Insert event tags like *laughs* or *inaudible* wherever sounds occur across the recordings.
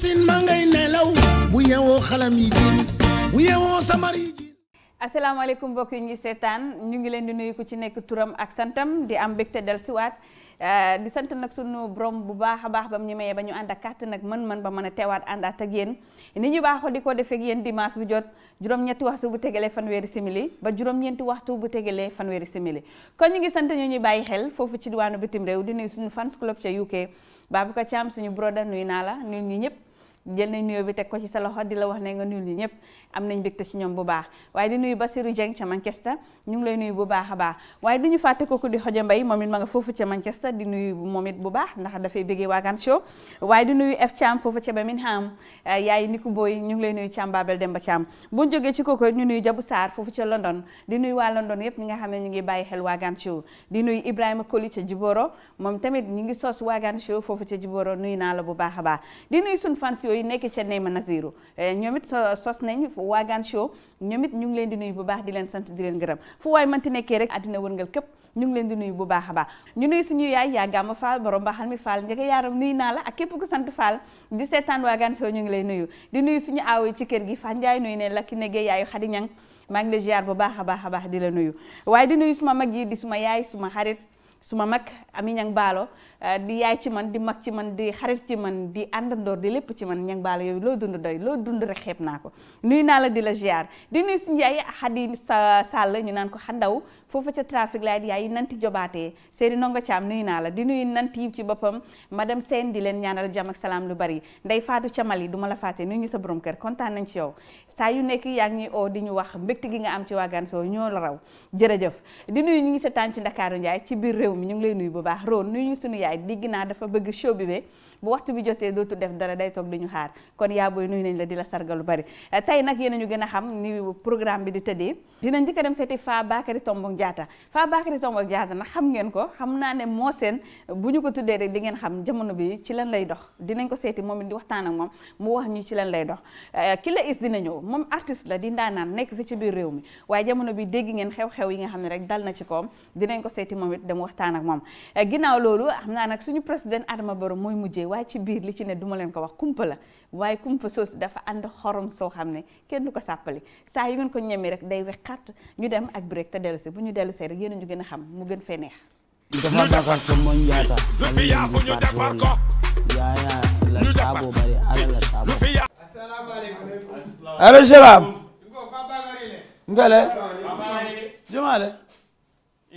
Assalamualaikum ma ngay nelaw bu ñu ngi leen di nuyu ku ci nekk turam ak santam di am mbégte del siwaat ah, di sant nak sunu borom bu baaxa baax bam ñu mayee ba ñu ak kàtt nak man man ba mëna téwaat teewaat ak yeen ni ñu baaxo di def ak yeen dimanche bu jot juroom ñetti waxtu bu tégalé fanwéri simili ba juroom ñenti waxtu bu tégalé fanwéri simili ko ñu ngi sant ñu ñu bayyi xel fofu ci diwanu bitim rew di nuyu suñu fans club ci UK ka cham suñu broda nuyu nala ñi jël nañ nuyoo bi teg ko ci sa loxo di la wax ne nga nuyu ñëpp am nañ mbégte ci ñoom bu baax waaye di nuyu Basirou Dieng ca Manchester ñu ngi lay nuyu bu baax a baax waaye du ñu fàtte di xoja mbay moom bu yaay ni ku booy ñu ngi lay nuyu Thiam Babel Demba Thiam bu ñu jógee ci kooku ñu nuyu Jabu Sarr foofu ca London di nuyu waa London yëpp ñi nga xam ne ñu ngi bàyyi xel waagaan show di nuyu Ibrahima Koli ca Jiboro moom tamit ñu ngi sos waagaan show foofu ca Jiboro nuyu naa la bu baax a baax di nuyu sun fans yooyu nekk ca Neyma Naziru eh, ñoom it ñu ngi leen di nuyu bu baax di leen sant di leen gërëm fu waay mënti nekkee rek àddina wërngal këpp ñu ngi leen nuyu bu baax a baax ñu nuyu suñu yaay yaa gàmma faal borom baaxal mi faal njëkk yaaram nuyu naa la ak képp ku sant faal di seetaan waagaan show ñu ngi lay nuyu di nuyu suñu aaw yi ci gi Fane Ndiaye nuyu ne la ki neggee yaayu xadi ñang bu baax baax a baax di la nuyu waaye di nuyu suma mag yi di suma yaay suma xarit su ma mag ami ñang baalo eh, di yaay ci man di mag ci man di xarit ci man di àndandoor di lépp ci man ñang baalo yooyu loo dund doy loo dund rek xeeb naa ko nuyu naa la di la ziar di nuyu suñu yaay saal la ñu naan ko xandaw foofu ca trafic light yaay yi nanti jobaatee seeni nongo caam nuyu naa la di nuyu nanti yi ci boppam madame Sène di leen ñaanal jàmm ak salaam lu bari nday faatu ca Mali du la fàtte nuyu ñu sa borom kër kontaan nañ ci yow saa yu nekk yaa ngi ñu wax mbégte gi nga am ci waa Ganso ñoo la raw jërëjëf di nuyu ñu ngi seetaan ci Ndakaaru Njaay ci biir réew mi ñu ngi lay nuyu bu baax roon nuyu ñu suñu yaay digg naa dafa bëgg show bi be bu waxtu bi jotee dootu def dara day toog di ñu xaar kon yaa booy nuy nañ la di la sargal lu bari tey nag yéen ñu gën a xam ni programme bi di tëddee dina njëkk dem seeti Fa Bakary Tombong Diatta Fabakary Tombong Diatta nag xam ngeen ko xam naa ne moo seen bu ñu ko tuddee rek di ngeen xam jamono bi ci lan lay dox dinañ ko seeti moom it di waxtaan ak moom mu wax ñu ci lan lay dox euh, Killa Is dina ñëw moom artiste la di ndaanaan nekk fi ci biir réew mi waaye jamono bi dégg ngeen xew-xew yi nga xam ne rek dal na ci kawam dinañ ko seeti moom it dem waxtaan ak moom euh, ginnaaw loolu xam naa nag suñu président Adama Barrow mooy mujjee waaye ci biir li ci ne duma leen ko wax kumpa la Waikum fa sos dafa and xorom so xamne kenn duko sappali sa saa yu ngeen ko ñëmi rek day wexaat ñu dem ak break te bu ñu rek yeen ñu gëna xam mu gën fe neex ñu defar ko moo ñu lu fi yaaku ñu defar ko yaaya la bari ala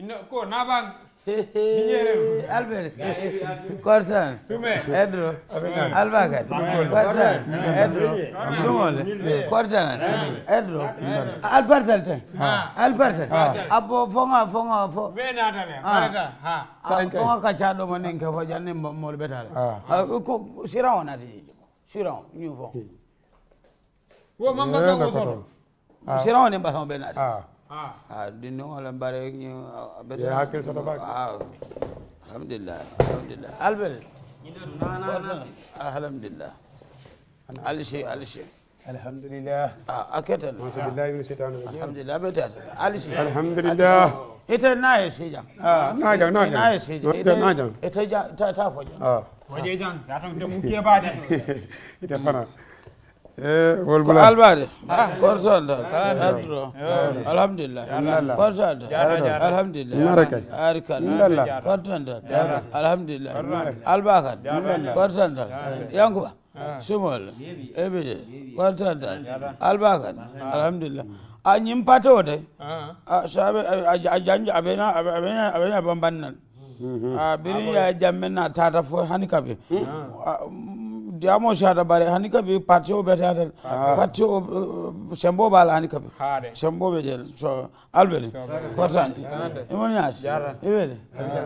la ko na Eh, albert kortan heddo albakat kortan heddo sumol kortanan heddo albartal tan albartal abbo fonga fonga fo ah. ah. Ah, fonga kaccaɗo ma nin ke fo janni mol ɓetala ko siran o nati siran ñu fon wo mamba sogo soto siran o ni mbasamo ɓe nati Ah. ah di nuyu wala mbare ñu. Ah, yaa hakil sa tabac waaw. alhamdulilah alhamdulilah Albert. Ah, alhamdulilah. Alchi Alchi. alhamdulilah. ah aketan. alhamdulilah betata Alchi. ah naaja naaja ite naaja ite ja ah. waje jan. yaa tam *laughs* wolbula albaade kortoɗo tan adduro alhamdulillah kortoɗo tan alhamdulillah marakay ari kan korton tan alhamdulillah alba kan korton tan yankuba sumol ebide korton tan alba kan alhamdulillah a ñim patewo de soaɓe a janjo aɓena aɓena bamban nan biri ya jammen na tata fo hani kaɓe jamo shada bare hani kabi parti bete atal ah. parti uh, sembo bala hani kabi sembo be so albeli kortan imon yash ibeli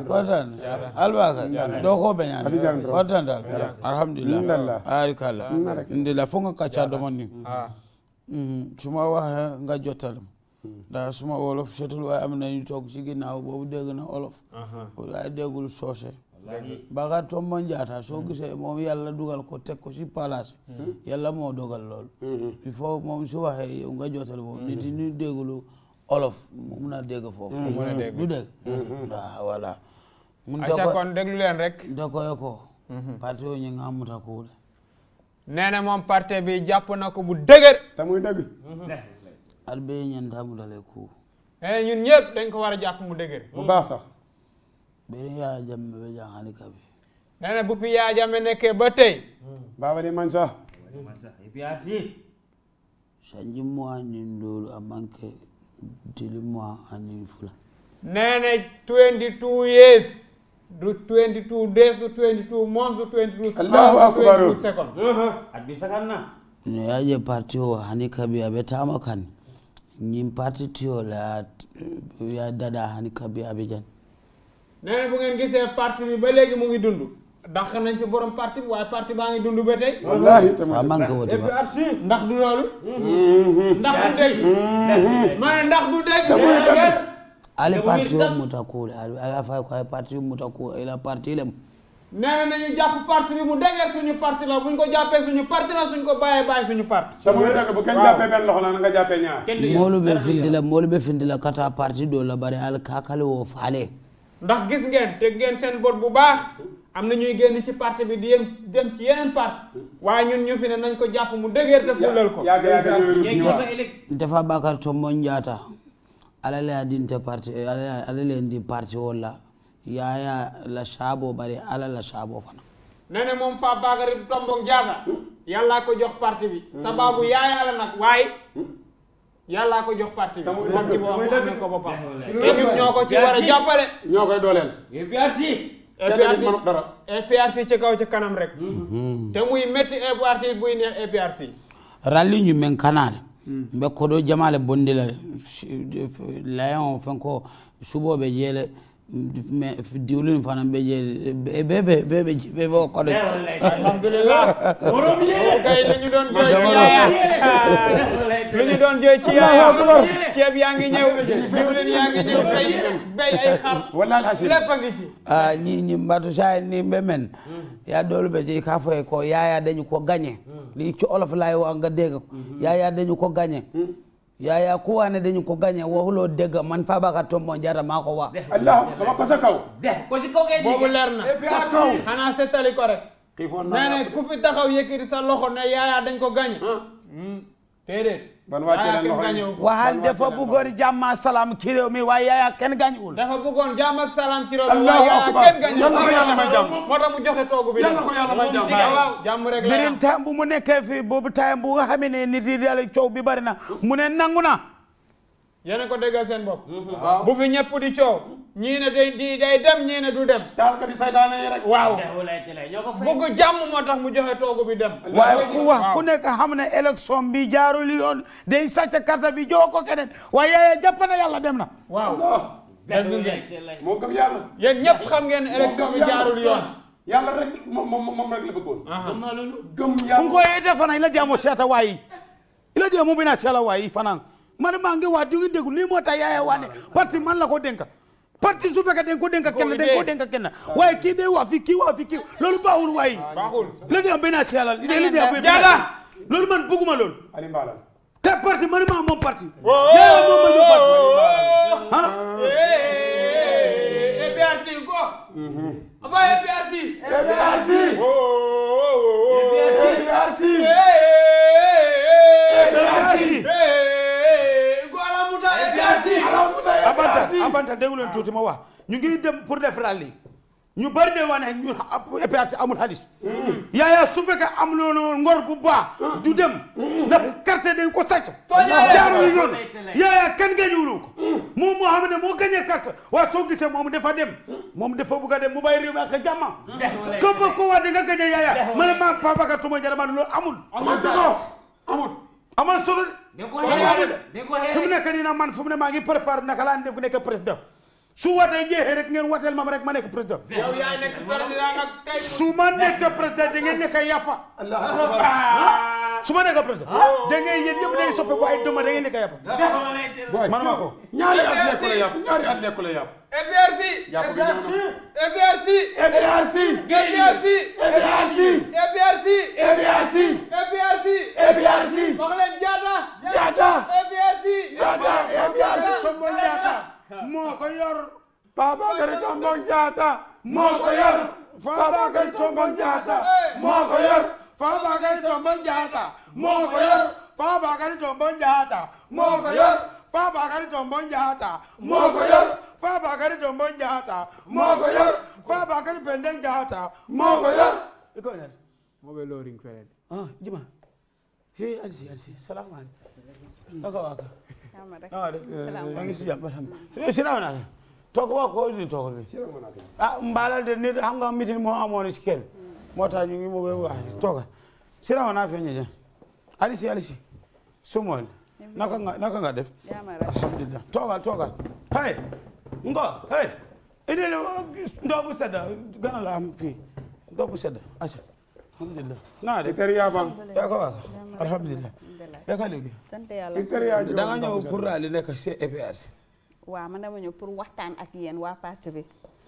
kortan albaka doko be nyani kortan dal alhamdulillah arikala ndila fonga kacha do monni ah. mm-hmm. suma wa nga mm. da suma wolof setul wa amna ñu tok ci ginaaw bobu deg na wolof ay degul soose bàkkaar tombon jaata soo gisee moom yàlla dugal ko teg ko si palaas hmm. yàlla moo dogal lool hmm. il faut moom su waxee yow nga jotal moom nit ñi déggulu olof mun na dégg foofu hmm. du dégg waaw ah, voilà mun ayca kon leen rek dakoyo ko parti o ñu nga muta kuule nee na moom parte bi jàpp na ko bu dëgër te muy dëgg al bee ñen tamudale kuu ñun ñëpp dañ ko war a jàpp mu dëgër benn yaaya jamme be jaaxaani kabi nee na bu fi yaaya jamme nekkee ba tey hmm. baabali man sax e sanji mois anin doolu a manqué dili mois anin fula nee 22 twenty years du 22 two days du twenty months du twenty allahu akbar second at bi sakan parti o hani kabi aɓe tama kan ñin parti tiyo ya dada hani kabi abijan nee na bu ngeen gisee parti bi ba léegi mu ngi dund dàq nañ fi borom parti bi waaye parti baa ngi dund ba tey. wallaahi tamit waaw ah, maa ngi ko woote ndax du loolu. Mm-hmm. ndax du dégg. Mm-hmm. Mm-hmm. ma ne ndax du dégg. ale parti yoo mutaku ale ay parti parti lem. nee nañu jàpp parti bi mu dëgër suñu parti la buñ ko jàppee suñu parti la suñ ko bàyyee bàyyi suñu parti. waaw sama dëkk bu kenn jàppee benn ñaar. moolu be findi la moolu be findi la kata parti doo la bari al kakale woo faale. ndax gis ngeen teg ngeen seen boot bu baax am na ñuy génn ci parti bi di yem dem ci yeneen parti waaye ñun ñu fi ne nañ ko jàpp mu dëgër te fulal ko dafa bakar tombo njaata ala le adinte parti ala le parti walla yaaya la saaboo bari alala la fana nene moom fa bagari tombo njaata yàlla ko jox parti bi sababu yaaya la nag waaye yàllaa ko jox parti bi te kaw ci kanam rek mhm. te muy métti APRC e buy neex APRC e ralli ñu men kanale hmm. mbe koɗo jamale bondila layon fenko suɓoɓe jeele diwlin fana bɛ jɛ bɛɛ bɛ bɛɛ bɛ ji bɛɛ b'o kɔ de. alhamdulilah ñu doon jooy ci yaaya. li ñu doon jooy ci yaaya. Ah, ñi ñi mbatu saa ni mbɛ hmm. yaa doolu bɛ ci k'a fɔ ko yaaya dañu ko gagné. Hmm. li ci olof laay wax nga dégg. Hmm. yaaya dañu ko gagné. yaya ko wane dañu ko gagne wo loo dega man fa baka tombo jara mako wa allah ma ko sa ko si ko gay bobu leer na xanaa ko rek ki fon na ne ku fi taxaw yëkkati sa loxo ne dañ ko gagne hmm, ban wàcce leen loxo yi waxal dafa bëggoon jàmm ak salaam ci réew mi waaye yaaya kenn gaañuwul. dafa bëggoon jàmm ak salaam ci réew mi waaye yaaya kenn gaañuwul. moo tax mu toogu bi. yàlla ko yàlla jàmm rek la. birin temps bu mu nekkee fii boobu temps bu nga xamee ne nit yi daal coow bi bari na mu ne nangu na. yéen ko degal sen bop mhm. bu fi ñepp di ciow ñi ne day di day dem ñi ne du dem. dal ko di saytane rek. waaw bëgg jàmm moo tax mu joxe togu bi dem. waaye ku wax ku nek xamne election élection bi jaarul yoon day sàcc carte bi joko kenen keneen waaye yaaya na yalla dem na. waaw mo ngeen yalla gëm ya ñepp xam ngeen election bi jaarul yoon. yalla rek mom mom rek la bëggoon. gëm naa loolu gëm yàlla. nga koy defana ila jamo seta waayi ila diamo bina seela waayi fanan man maa wa dingi di ni mota ya ya wane parti man la ko denka parti su fekkee den ko denka ken den ko ken way ki de wa fi ki wa fi ki lolou loolu baaxul way le di am benn siala li di am benn loolu man ali loolu te parti man ma moom parti yaaya ma jox parti ah APRC ko afa APRC APRC APRC abanta abanta dégg leen tuuti ma waa ñu ngi dem pour def rallye ñu bari de wane ñu EPRC amul xaalis mm. yaaya su fekkee am loolu ngor bu baax mm. du dem mm. ndax carte dañ ko sàcc jaarul yoon yaaya kenn gañuwulu ko moom moo xam ne moo gañee carte waaye soo gisee moom dafa dem moom dafa bëgg a dem mu bàyyi réew mi ak jàmmam képp ko wax nga nga gañee yaaya ma ne maa Papa Bakar Touma Jara ma ne loolu amul amul amal solo de. ko nekk nii nag man fu mu maa ngi préparé naka laa def nekk président su watee jeexee ngeen wateel ma rek ma nekk président. yow yaa nekk président nag. su ma nekk président da ngeen nekk yàppa. *laughs* su ma nekk président da ngay yéen yëpp day soppeeku ay dëmm da ngay nekk yàpp. man maa ko ñaari at lekk lekk la yàpp. EBRC. yàpp bi ñëw na EBRC. EBRC. Jaata. Jaata. EBRC. Jaata EBRC. Jaata moo yor. Babakary Tombong Jaata moo yor. Fabakary Tombong Jatta moo ko yor Fabakary Tombong Jatta moo ko yor Fabakary Tombong Jatta moo ko yor Fabakary Tombong Jatta moo ko yor Fabakary Pendeng Jatta moo ko yor iko ner moo be loorin fere ah jima he alsi alsi salaam aleykum naka waa ka naka de maa ngi si jàmm alhamdulilah sina wona toog waa ko ni toog bi ah mbalal de nit xam nga mitin moo amoon ci kenn moo tax ñu ngi mu wax tooga sira naa feeñe ja alisi alisi sumool naka nga naka nga def alhamdulillah toogal toogal hey ngo hey indil ndox bu sedd gana la am fii bu sedd asa alhamdulillah naa de victor yaa alhamdulillah yaa ka léegi sant yàlla victor yaa da nga ñëw pour daal di nekk CPRC waaw man waxtaan ak yéen waa parti bi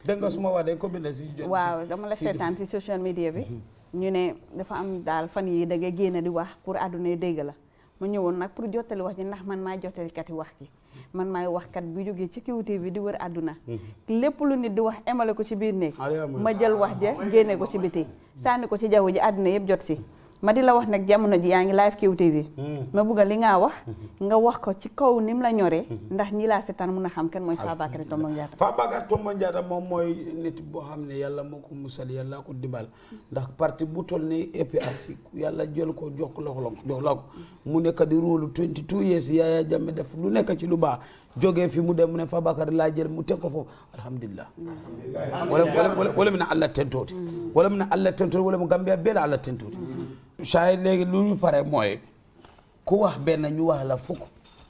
dégg nga su ma wax day ko bind si. waaw dama la seetaan si social media bi. Mhm. ñu ne dafa am daal fan yi da nga génn di wax pour àdduna yi dégg la ma ñëwoon nag pour jottali wax ji ndax man maay jottali kati wax ji man maay wax kat bu jógee ci QTV bi di wër àdduna mhm. lépp lu nit di wax emale ko ci biir néeg ma jël wax ja génne ko ci biti sànni ko ci jaww ji àdduna yëpp jot si ma di la wax nag jamono ji yaa ngi live QTV hmm. ma bëgg li nga wax hmm. nga wax ko ci kaw ni mu la ñoree hmm. ndax ñii laa seetaan mun a xam kan mooy Fabakary Tombong Jatta Fabakary Tombong Jatta moom mooy nit boo xam ne yàlla moo ko musal yàlla ko dibal ndax parti bu toll ni APRC e yàlla jël ko jox la ko jox la ko mu nekk di rôle 22 years Yaya Jammeh def lu nekk ci lu baax jógee fi mu dem mu ne Fabakar laa jël mu teg ko foofu alhamdulillah wala wala wala mu ne Allah tentooti wala mu ne Allah tentooti wala mu Gambia benn Allah tentooti saa léegi lu ñu pare mooy ku wax benn ñu wax la fukk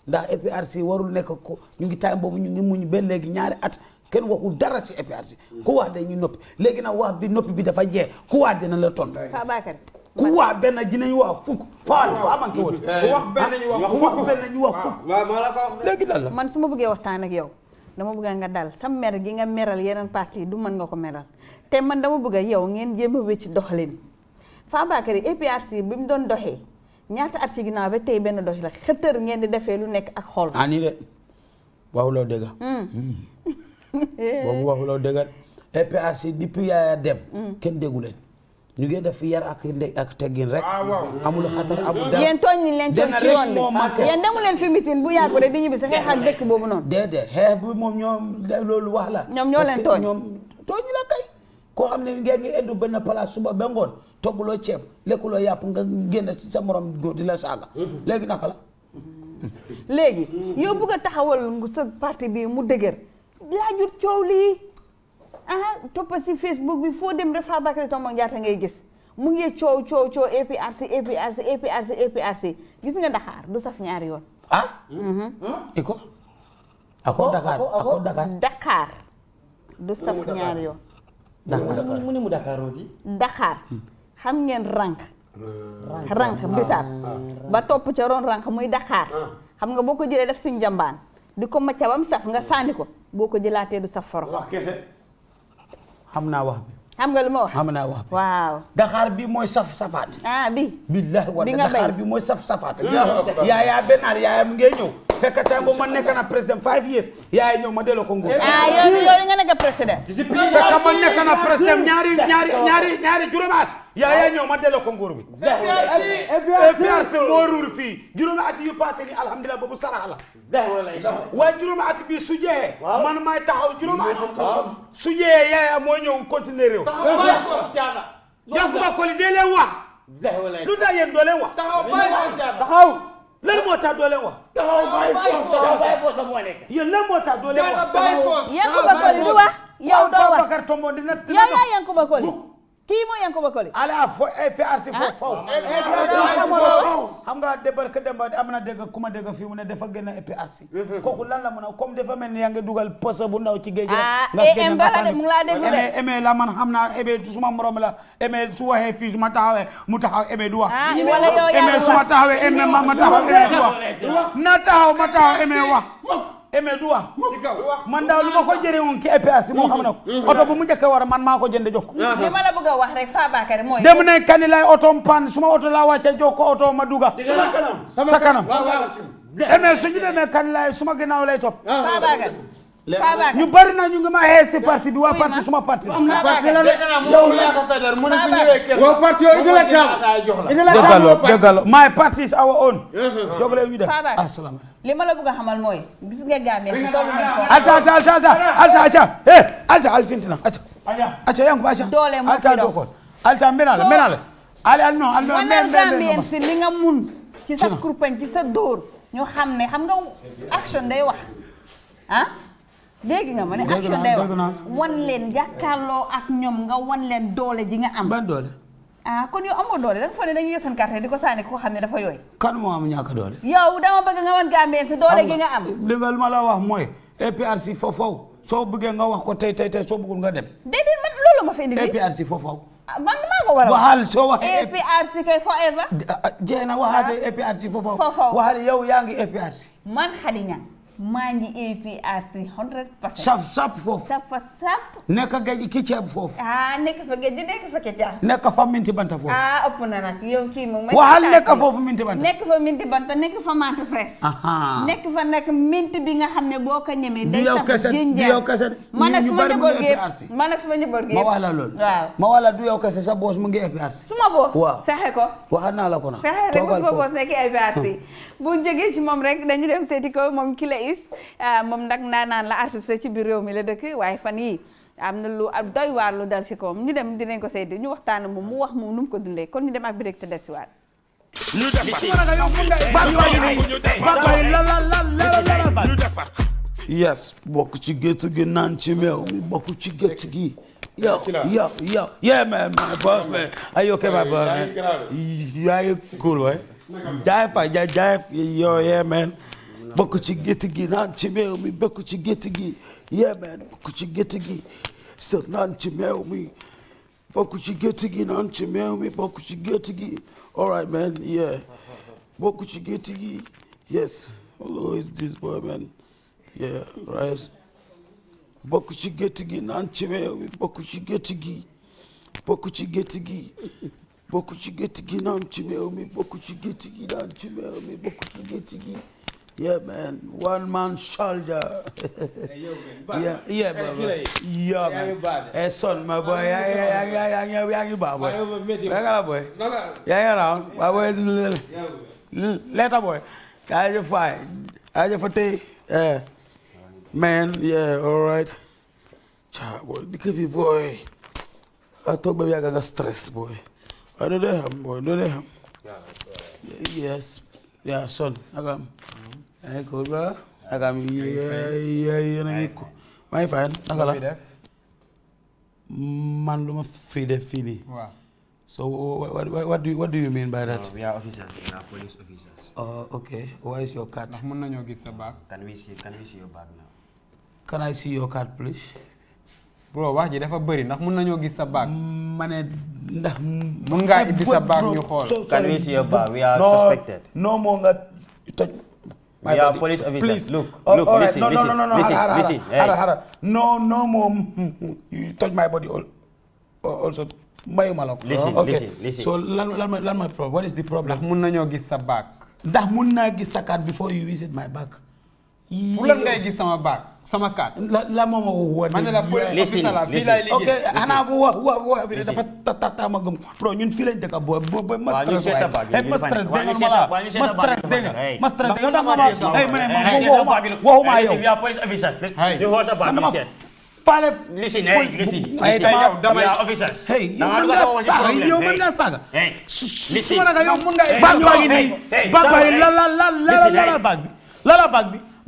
ndax APRC warul nekk ko ñu ngi time boobu ñu ngi muñ ba léegi ñaari at kenn waxul dara ci APRC ku wax de ñu noppi léegi nag wax bi noppi bi dafa jeex ku wax dina la tontu Fabakar kuwa waa benn ji nañu waa fukk faal fa aman ko woon wax benn ñu wax fukk wax ñu wax fukk waaw maa la ko wax léegi dal man su ma bëggee waxtaan ak yow dama bëgg nga dal sa mer gi nga meral yeneen parti du mën nga ko meral te man dama bëgg yow ngeen jéem a wécc doxalin Fabakary APRC bi mu doon doxee ñaata at si ginnaaw ba tey benn doxi la xëtër ngeen di defee lu nekk ak xol ani de waxuloo dëgg hmm. Hmm. *laughs* boobu waxuloo dëgg APRC depuis yaaya dem hmm. kenn déggu leen ñu ngi def yar ak ndey teggin rek. Ah, amul xatar amul dara yéen tooñ ñu leen tooñ ci yoon bi yéen demu leen fi mitin bu yàgg rek di ñibbi si xeex ak dëkk boobu noonu. déedéet xeex bi moom ñoom loolu wax la. ñoom ñoo leen tooñ parce que ñoom tooñ la kay. koo xam ne ngeen ngi ba benn place suba ba ngoon togguloo ceeb lekkuloo yàpp nga génn si sa moroom góor di la saaga. léegi na la. léegi yow bëgg a taxawal sa parti bi mu dëgër laajut coow lii. ah toppa si facebook bi fo dem rek Fabakary Tombong Jatta ngay gis mu ngi coow coow coow APRC APRC APRC APRC gis nga Dakar du saf ñaar yoon. ah. hmm iko ako Dakar ako Dakar. Dakar du saf ñaar yoon. Dakar mu ne mu Dakar Odi. Dakar xam ngeen rank rank ah. bisaab ah. ba top ci ron rank muy Dakar ah. xam nga boko ko def si njambaan di macca bam saf nga sandiko boko boo du saf forox xam naa wax bi. xam nga lu ma naa wax bi. waaw daxaar bi mooy saf safaat. ah bi. billaahi wa daxaar bi mooy saf safaat. yaayaa benn yaayam ngee ñëw. fekk temps bu ma nekk na président five years yaay ñëw ma delloo ko eh, nguur. ah yow yow nga nekk président. discipline fekk ma nekk na président ñaari ñaari ñaari ñaari juróomi at. yaay ñëw ma delloo ko nguur bi. APRC moo ruur fii juróomi at yu passé ni alhamdulilah boobu sarax la. waaye juróomi at bi su man may taxaw juróomi at. su jeexee yaay mooy ñëw continuer réew. Yankuba Koli dee leen wax. lu tax dolen doo leen wax. taxaw lan moo tax doo leen wax. taxaw bàyyi force taxaw bàyyi force moo nekk. yéen lan moo tax doo leen wax. taxaw bàyyi force Yankuba du wax. yow doo wax Yankuba Koli dina dina. yow kii mooy Yankuba Colley. ala fo APRC eh, fo eh, faw. xam eh, mhm. ah, nga débar que démb am na dégg kuma dégg fi mu ne dafa génn APRC. kooku lan la mun a comme dafa mel ni dugal poste bu ndaw ci géej gi. nga génn nga sànni mu laa eme la man xam naa eme suma morom la eme su waxee fii suma taxawee mu taxaw eme du wax. Ah, eme suma wax. na eme wax. eme du wax man daaw lu ma ko jëre woon ki EPS moo xam ne ko mm-hmm. oto bu mm-hmm. mu njëkk war a man maa ko jënd jokk ko li ma la bëgg a wax rek Fabakary mooy dem ne kani lay oto pan suma oto laa wàcce jox ko oto ma duga sa kanam eme su ñu demee kani lay suma ginnaaw lay topp ah, ñu bari na ñu ngi ma xee si parti bi waa parti suma parti. am na parti la yow yaa ko sa dër mu my party is our own. Uh-huh. jogale ñu def asalaamaaleykum. Ah, li ma la bëgg a xamal mooy gis nga Gambie si toolu eh, nañ ko. alta alta alta alta alta eh alta alfintina al Gambien si li nga mun. ci sa kurpañ ci sa dóor ñu xam ne xam nga action day wax ah? dégg nga ma ne action day wax wan leen jàkkaarloo ak ñoom nga wan leen doole ji nga am. ban doole. ah kon yow amoo doole danga foog ne dañuy yësan carte di ko sànni ko xam ne dafa yooy. kan moo am ñàkk doole. yow dama bëgg nga wan Gambien si doole gi nga am. li nga ma la wax mooy APRC foofu soo bëggee nga wax ko tey tey tey soo bëggul nga dem. déedéet man loolu ma fi indi. APRC foofu. Ah, man maa ko war a wax waxal soo waxee. APRC kay forever. Ah, ah, jeena waxaate APRC foofu. foofu waxal yow yaa ngi APRC. man Khady Niang. maji APRC 100% sap sap foofu sap sap nekk gaji ki ceeb ah nekk fa gaji nekk fa kecax nekk fa minti banta foofu ah ëpp na nag yow kii moom waxal nekk foofu minti banta nek fa minti banta nekk fa mante Aha. nekk fa nek minti bi nga xam ne boo ko ñemee day sax jinjeer du yow kese man nag suma njaboot Mawala man nag ma wax la loolu ma sa boos mu ngi APRC suma boos Wow. Sahiko. ko na alakona. Sahiko ko nag boos nekk APRC bu jógee ci moom rek dañu dem seeti moom Aïs moom nag naanaan la artiste ci biir réew mi la dëkk waaye fan yii am na lu doy waar lu dal ci kawam ñu dem dinañ ko saytu ñu waxtaan moom mu wax moom nu ko dundee kon ñu dem ak Biré te desiwaat. ñu defar yes bokk ci gétt gi naan ci meew bokk ci gétt gi. yo yo yo yeah man my boss man are you okay my boss man jaay fa jaay yo yeah Boku Chingitigi, Nanchimeumi, Boku Chingitigi. Yeah, man, Boku Chingitigi. Still Nanchimeumi. Boku Chingitigi, Nanchimeumi, Boku Chingitigi. All right, man, yeah. Boku Chingitigi, yes. Who is this boy, man? Yeah, right. Boku Chingitigi, Nanchimeumi, Boku Chingitigi. Boku Chingitigi. Boku Chingitigi, Nanchimeumi, Boku Chingitigi, Nanchimeumi, Boku Chingitigi. Yeah, man. One man soldier. yeah, yeah, brother. Yeah, man. Hey, son, my boy. Yeah, yeah, yeah, yeah, yeah, yeah, yeah, yeah, boy. Yeah, yeah, boy. Yeah, yeah, round. My boy. Letter, boy. I just fight. I just forty. Yeah. Man, yeah, all right. Child, boy, creepy boy, I thought maybe I got a stress, boy. I don't know him, boy. Don't know him. Yeah, yes. Yeah, son. I got him. ay ko ba ak am yéen a ngi ko maa ngi fayal naka la man lu ma fii def fii nii So what, what, what, do you, what do you mean by that? Uh, we are officers, we are police officers. Uh, okay. Where is your card? Can we see can we see your bag now? Can I see your card, please? Bro, wax ji dafa bari ndax mën nañoo gis sa bag. Mané ndax mën nga eh, ibbi sa bag ñu xool. Can we see your bag? We are no, suspected. No more nga toj My you are police officer. Please. Look, oh, look, all right. listen, no, listen, no, no, no, listen, hara, hara, listen. Hara, hara. No, no more. *laughs* You touch my body all. also. Mayuma lako. Listen, okay. listen, listen. So lan, lan, lan my problem. What is the problem? Ndax mun nañoo gis sa back. Ndax mun naa gis before you visit my back. problème ngay gis sama baag sama kaat. la la ma ma woo. ma ne la police la fii laay liggéey. ok xanaa bu wax wax wax bi dafa ta ta ta ma gëm. pro ñun fii lañ dëkk a booy booy ma stress waaye ma stress dégg nga ma la ma stress dégg nga ma stress dégg nga ma ma ay ma ne ma waxuma waxuma yow. ñu xool sa baag dama pale. listen hey listen. ay yow damay officers. hey yow mën ngaa saaga yow mën ngaa saaga. hey listen. su ma la ka yow mën ngaa. bag bag yi nii bag bag yi lala lala lala bag bi lala bag bi.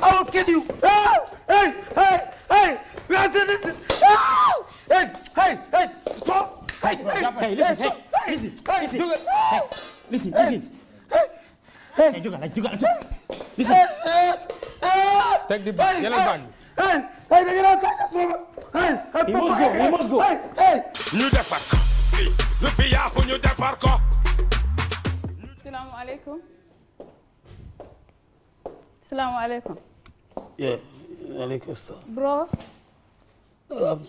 I will kill you. Oh, hey, hey, hey. Listen, listen. Oh, hey, hey, hey. Stop. Hey, hey, hey, hey, listen, hey, hey, listen, hey, listen, hey, listen, hey, listen, listen. Hey, hey, juga, juga, juga. Listen. Hey, hey, Take the hey, yellow hey, band. Hey, hey, take it outside. Hey, hey, he must go. He must go. Hey, hey. New Defarco. Nous payons pour New Defarco. Assalamu alaikum. Yeah, alaikum salam. Bro. Um,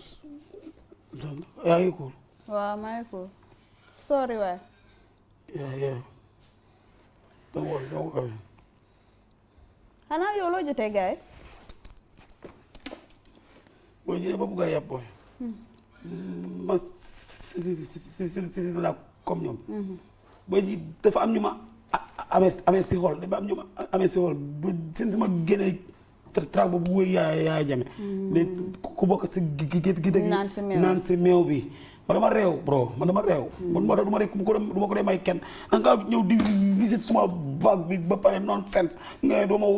are you cool? Wow, am I cool? Sorry, why? Yeah, yeah. Don't worry, don't worry. Xanaa yow loo jotee gaay. Boo jëlee ba bugg a booy. Ma si si si si si la comme ñoom. Boo dafa am ñu ma. amee amee si xol dafa am ñu ma amee si xol bu seen sama génnee track boobu wóy yaa yaa jame mais mm. ku bokk si gite gite naan si meew bi ma dama réew bro ma dama réew man mm. ma du ma ko du ma ko dee may kenn da nga ñëw di visite suma baag bi ba pare non sense nga doo ma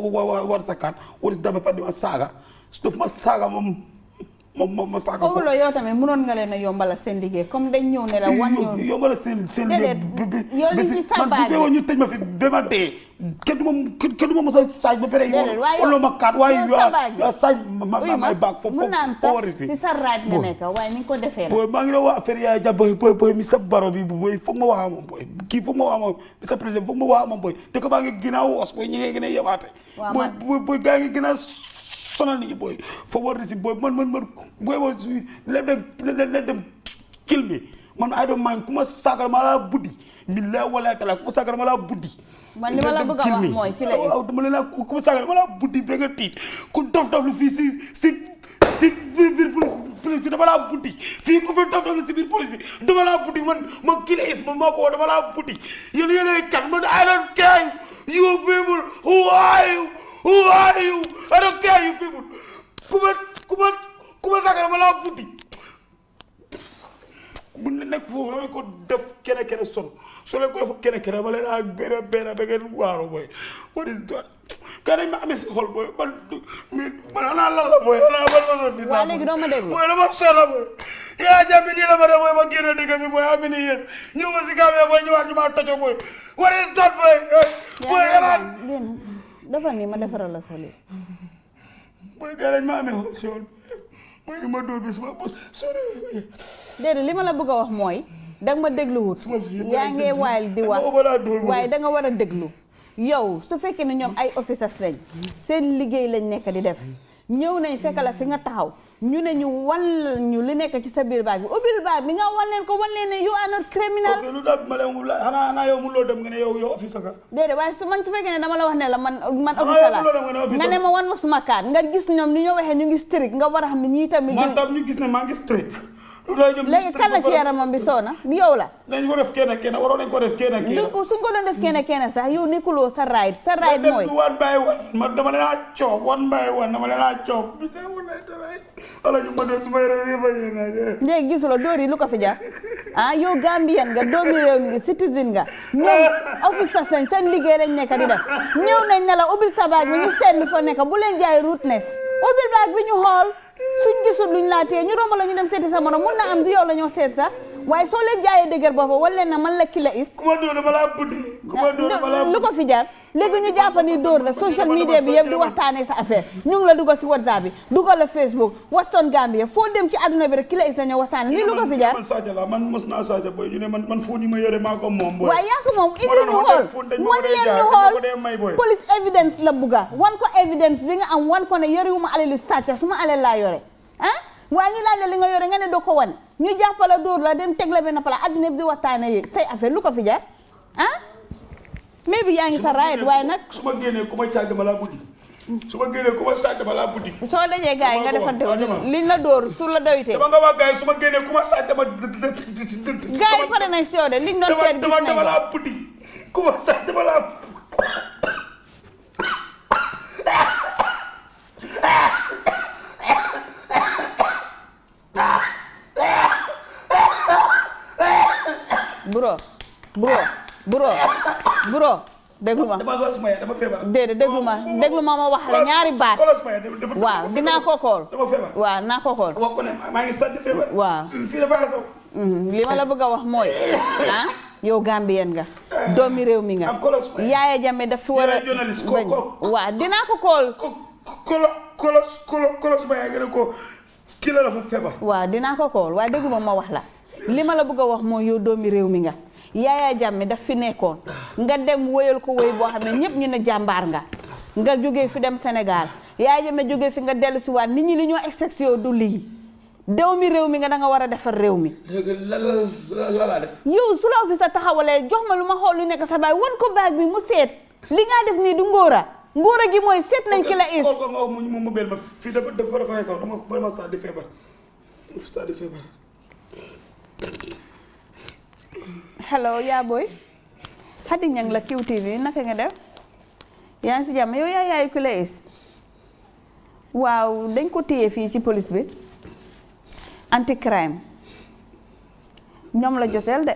war sa kaat war si dabe par di ma saaga su daf ma saaga moom moom moom ma saaga ko foofu la yow tamit mënoon nga leen a yombala seen liggéey comme dañ ñëw ne la a ñëw yombala seen seen liggéey yow li ñu tëj ma fi ba ma dee kenn du ma kenn du ma mos a ma wax affaire yaay jàpp boy boy mi ma wax amoon boy kii foog ma wax amoon mi sa président foog ma wax amoon boy te ko baa ngi ginnaaw os boy ñi ngay gën a gaa ngi gën a sonal nañu booy fa war risi booy man man man booy ma leen dem leen dem kil mi man ay doon maañ ku ma saagal ma laa buddi billaay wala tala ku ma saagal ma laa buddi man li ma la bëgg a wax mooy fi la waaw dama leen a ku ma saagal ma laa buddi ba nga tiit ku dof dof lu fii si si si biir biir police police bi dama laa buddi fii ku fi dof dof lu si biir police bi dama laa buddi man ma kila is ma maa ko woo dama laa buddi yéen yéen kan man I don't care you people who are you who are you I don't care you people. Kuma kuma kuma saaga ma laa buddi. bu ne nekk foofu da ko def kene kene son soo leen ko def kene kene ma leen a benn benn da ngeen waaro booy what is that ka dañ ma amee si xol booy man man anaa lan la booy anaa man lan la di waaw léegi doo ma déglu booy dama sona booy yaa jàmbi nii la ma def booy ma génn dëgg bi booy ami nii yes ñëw ma si Gambie booy ñëwaat ñu maa tojo booy what is that booy booy anaa dafa nii ma defaral la soli. mooy garañ ma amee li ma la bëgg a wax mooy danga ma dégluwut. yaa ngi waayal di wax waaye danga war a déglu. yow su fekkee ne ñoom ay officers lañ seen liggéey lañ nekk di def. ñëw nañ fekk la fi nga taxaw ñu ne ñu wal ñu li nekk ci sa biir baag bi ubbil baag bi nga wal leen ko wal leen ne you are not criminal. ok lu tax ma leen wula xanaa xanaa yow mënuloo dem nga ne yow yow ka. su man su fekkee ne dama la wax la man man. office la nga ne ma wan ma suma kaat nga gis ñoom ni ñoo waxee ñu ngi strict nga war a xam ne ñii tamit. man tam ñu gis ne maa ngi strict léegi kan la ci yaramam bi soo na bi yow la nañ ko def kenn kenn waroon nañ ko def kenn kenn suñ ko doon def kenn kenn sax yow nekkuloo sa raid sa raid mooy one by a ma dama leen a coob dama leen a coob def suma a léegi gisuloo dóor lu ko fi jar ah, Gambien nga doomi réew citizen nga ñoom officers lañ seen liggéey lañ nekk di def ñëw nañ ne ubbil sa baag bi ñu seetlu fa nekk bu leen jaay ruteness ubbil baag bi ñu xool suñ gisul luñ laa tee ñu romb la ñu dem seeti sa morom mun na am du yow la ñoo seet sax waaye soo leen jaayee dëgër boppa wala leen man la kii la ku ma dóor dama laa buddi ku lu ko fi jar ñu jàppani dóor la social media bi yëpp di waxtaanee sa affaire ñu la dugal si whatsapp bi la facebook Watson Gambia foo dem ci àdduna bi rek ki la is waxtaane lii lu ko fi waaye yaa moom indi ñu xool wan leen ale lu sàcc su ah waaye ñu laaj la li nga yore nga ne doo ko wane ñu jàppale dóor la dem teg la benn pala addina bi di waxtaanee yéeg say affaire lu ko fi jar ah. mais bi yaa ngi sa raayet waaye nag. su ma génnee ku ma caag dama laa buddi. su ma génnee ku ma caag soo dajee gars yi nga defante woon liñ la dóor su la doytee. dama nga wax gars yi su ma génnee ku ma caag dama. gars yi pare nañ si yow de liñ doon seet gis nañ dama dama laa buddi Bro, bro, bro, bro. déglu ma déedéet déglu ma déglu ma ma wax la ñaari baat waaw dinaa ko xool waaw kokol ko xool waaw mm, mm-hmm. li ma la bëgg a moy ah Yo Gambien nga doomi réew mi nga Yaya Jammeh daf fi kokol. kolos kolos kolos kii dafa feebar. waaw dinaa ko kool waaye dégguma ma wax la li ma la bëgg a wax mooy yow doomi réew mi nga yaaya Jammeh daf fi nekkoon nga dem wéyal ko wéy boo xam ne ñëpp ñu ne jàmbaar nga nga jógee fi dem Sénégal yaaya Jammeh jógee fi nga dellu si waat nit ñi li ñoo expecté yow du lii dew mi réew mi nga da nga war a defar réew mi. la la def. yow su la fi sa taxawalee jox ma lu ma xool lu nekk sa baay wan ko baag bi mu seet li nga def nii du ngóora. nguur gi mooy seet nañ ki la is. xool ko nga wax mu mu bel ma fii dafa dafa dafa sax dama bari ma saa naka nga def yaa ngi si jàmm yow yaa yaayu ki la is waaw dañ ko téye fii ci police bi anti crime ñoom la joteel de.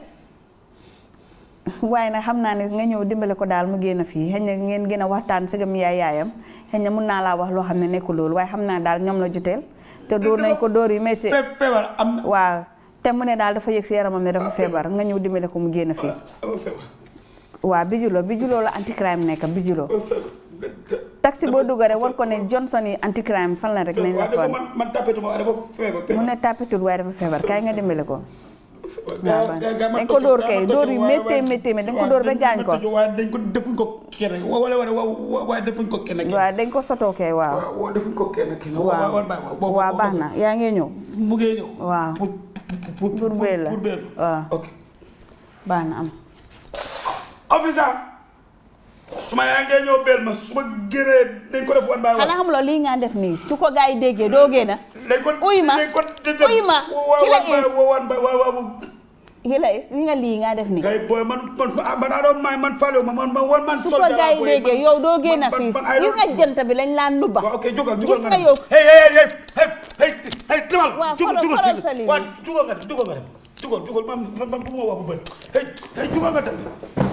waaye na xamna ni nga ñew dimbalé ko dal mu gëna fi xëñ na ngeen gëna waxtaan sa gam yaay yaayam xëy na mun naa wax lo xamne ne lool loolu xamna dal ñom la jutel te do nañ ko door yu metti febar am waaw te mu ne dal dafa yex yaramam ne dafa ah, febar nga ñew dimbalé ko mu wa fii ah, waaw bijuloo bijuloo la anti crime nekk lo ah, taxi bo dugg gare war ko ne Johnson yi anti crime fan la rek nañ la ko mu ne tapetu waaye dafa febar kay nga dimbalé ko dañ ko dóor kay dóor yu méttee méttee mais dañ ko dóor ba gaañ ko waaw dañ ko defuñ ko kenn wala wala waaw defuñ ko kenn waaw dañ ko sotoo kay waaw waaw defuñ ko kenn kenn baax na yaa ngee ñëw mu ngee ñëw waaw pour pour pour pour waaw baax na am su ma yaa ngee ñëw bel ma su ma génnee dañ ko def wan baa xanaa xam loolu lii nga def nii su ko gars yi déggee doo génn dañ ko uy ma uy ma ki la is wan ba waa waa ki la is li nga lii nga def nii booy man man adoon ah, maay man falew ma man man wan man su ko gars yi déggee yow doo génn fii gis nga jënt bi lañ laan lu ba ok jógal jógal gis nga yow hey hey hey sa lii waaw jógal nga jógal nga dem jógal jógal man man bu ma wax bu bëri hey hey jógal nga dem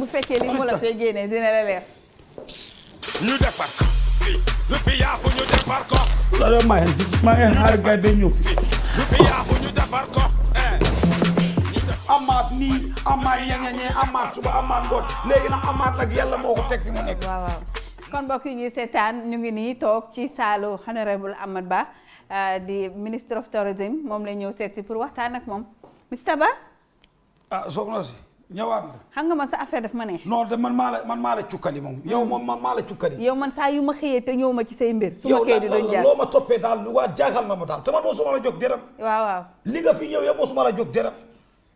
bu fekkee li mu la fee génnee dina la ñu defar ko. lu fi ñu defar ko. loolu maa ngi maa ngi xaar gars bi ñu defar ko. Eh. amaat nii amaat ñeñeñee amaat suba amaat ngoon léegi nag amaat nag yàlla moo ko teg fi mu nekk. waaw waaw kon mbokk yi ñuy seetaan ñu ngi nii toog ci saalu honorable Amad Ba euh, di ministre of tourism moom la ñëw seet si pour waxtaan ak moom Mr Ba. Ah, ñëwaat na xam nga man sa affaire daf ma ne noon de man maa la man maa la cukkali moom yow hmm. moom man maa la cukkali yow man saa yu ma xëyee te ñëw ma ci say mbir su ma xëyee di doon jaar loo ma toppee daal ma daal te man mosuma la jóg dërëm waaw waaw li nga fi ñëw yow mosuma la jóg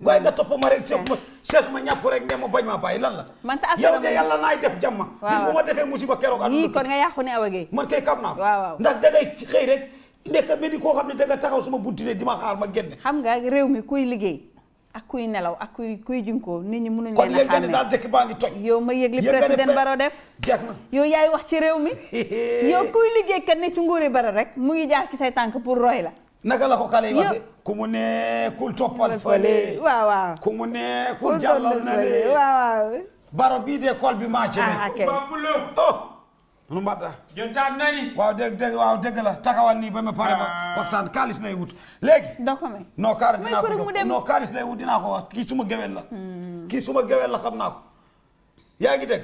waaye nga topp ma rek seet hmm. ma ma ñàpp rek ne bañ ma bàyyi lan la man sa affaire yow de yàlla naay def jàmma bis bu ma defee musiba keroog at yii kon nga yàqu ne awagee man kay kam naa ko waaw waaw ndax da xëy rek nekk koo xam ne da nga taxaw suma di ma xaar ma génne xam nga réew mi kuy liggéey ak kuy nelaw ak kuy kuy junkoo nit ñi mënuñ leen a xàmmee kon yëg daal dëkk baa ngi toj yow ma yëg li président Baro def jeex na yow yaay wax ci réew mi *laughs* yow kuy liggéeykat ne ci nguuri Baro rek mu ngi jaar ki say tànk pour roy la naka la ko xale yi waxee ko mu ne kul toppal fële waaw waaw ku mu ne kul na le Baro bii de kool bi maa ci ne ah, nu mbaɗɗa jontaat nani waaw dégg dégg waaw dégg la takawal nii ba ma pare ba ah. waxtaan kaalis lay wut léegi noo non kaara dinaa ko non kaalis lay wut dinaa ko wax kii suma gewel la hmm. kii suma gewel la xam naa ko yaa ngi dégg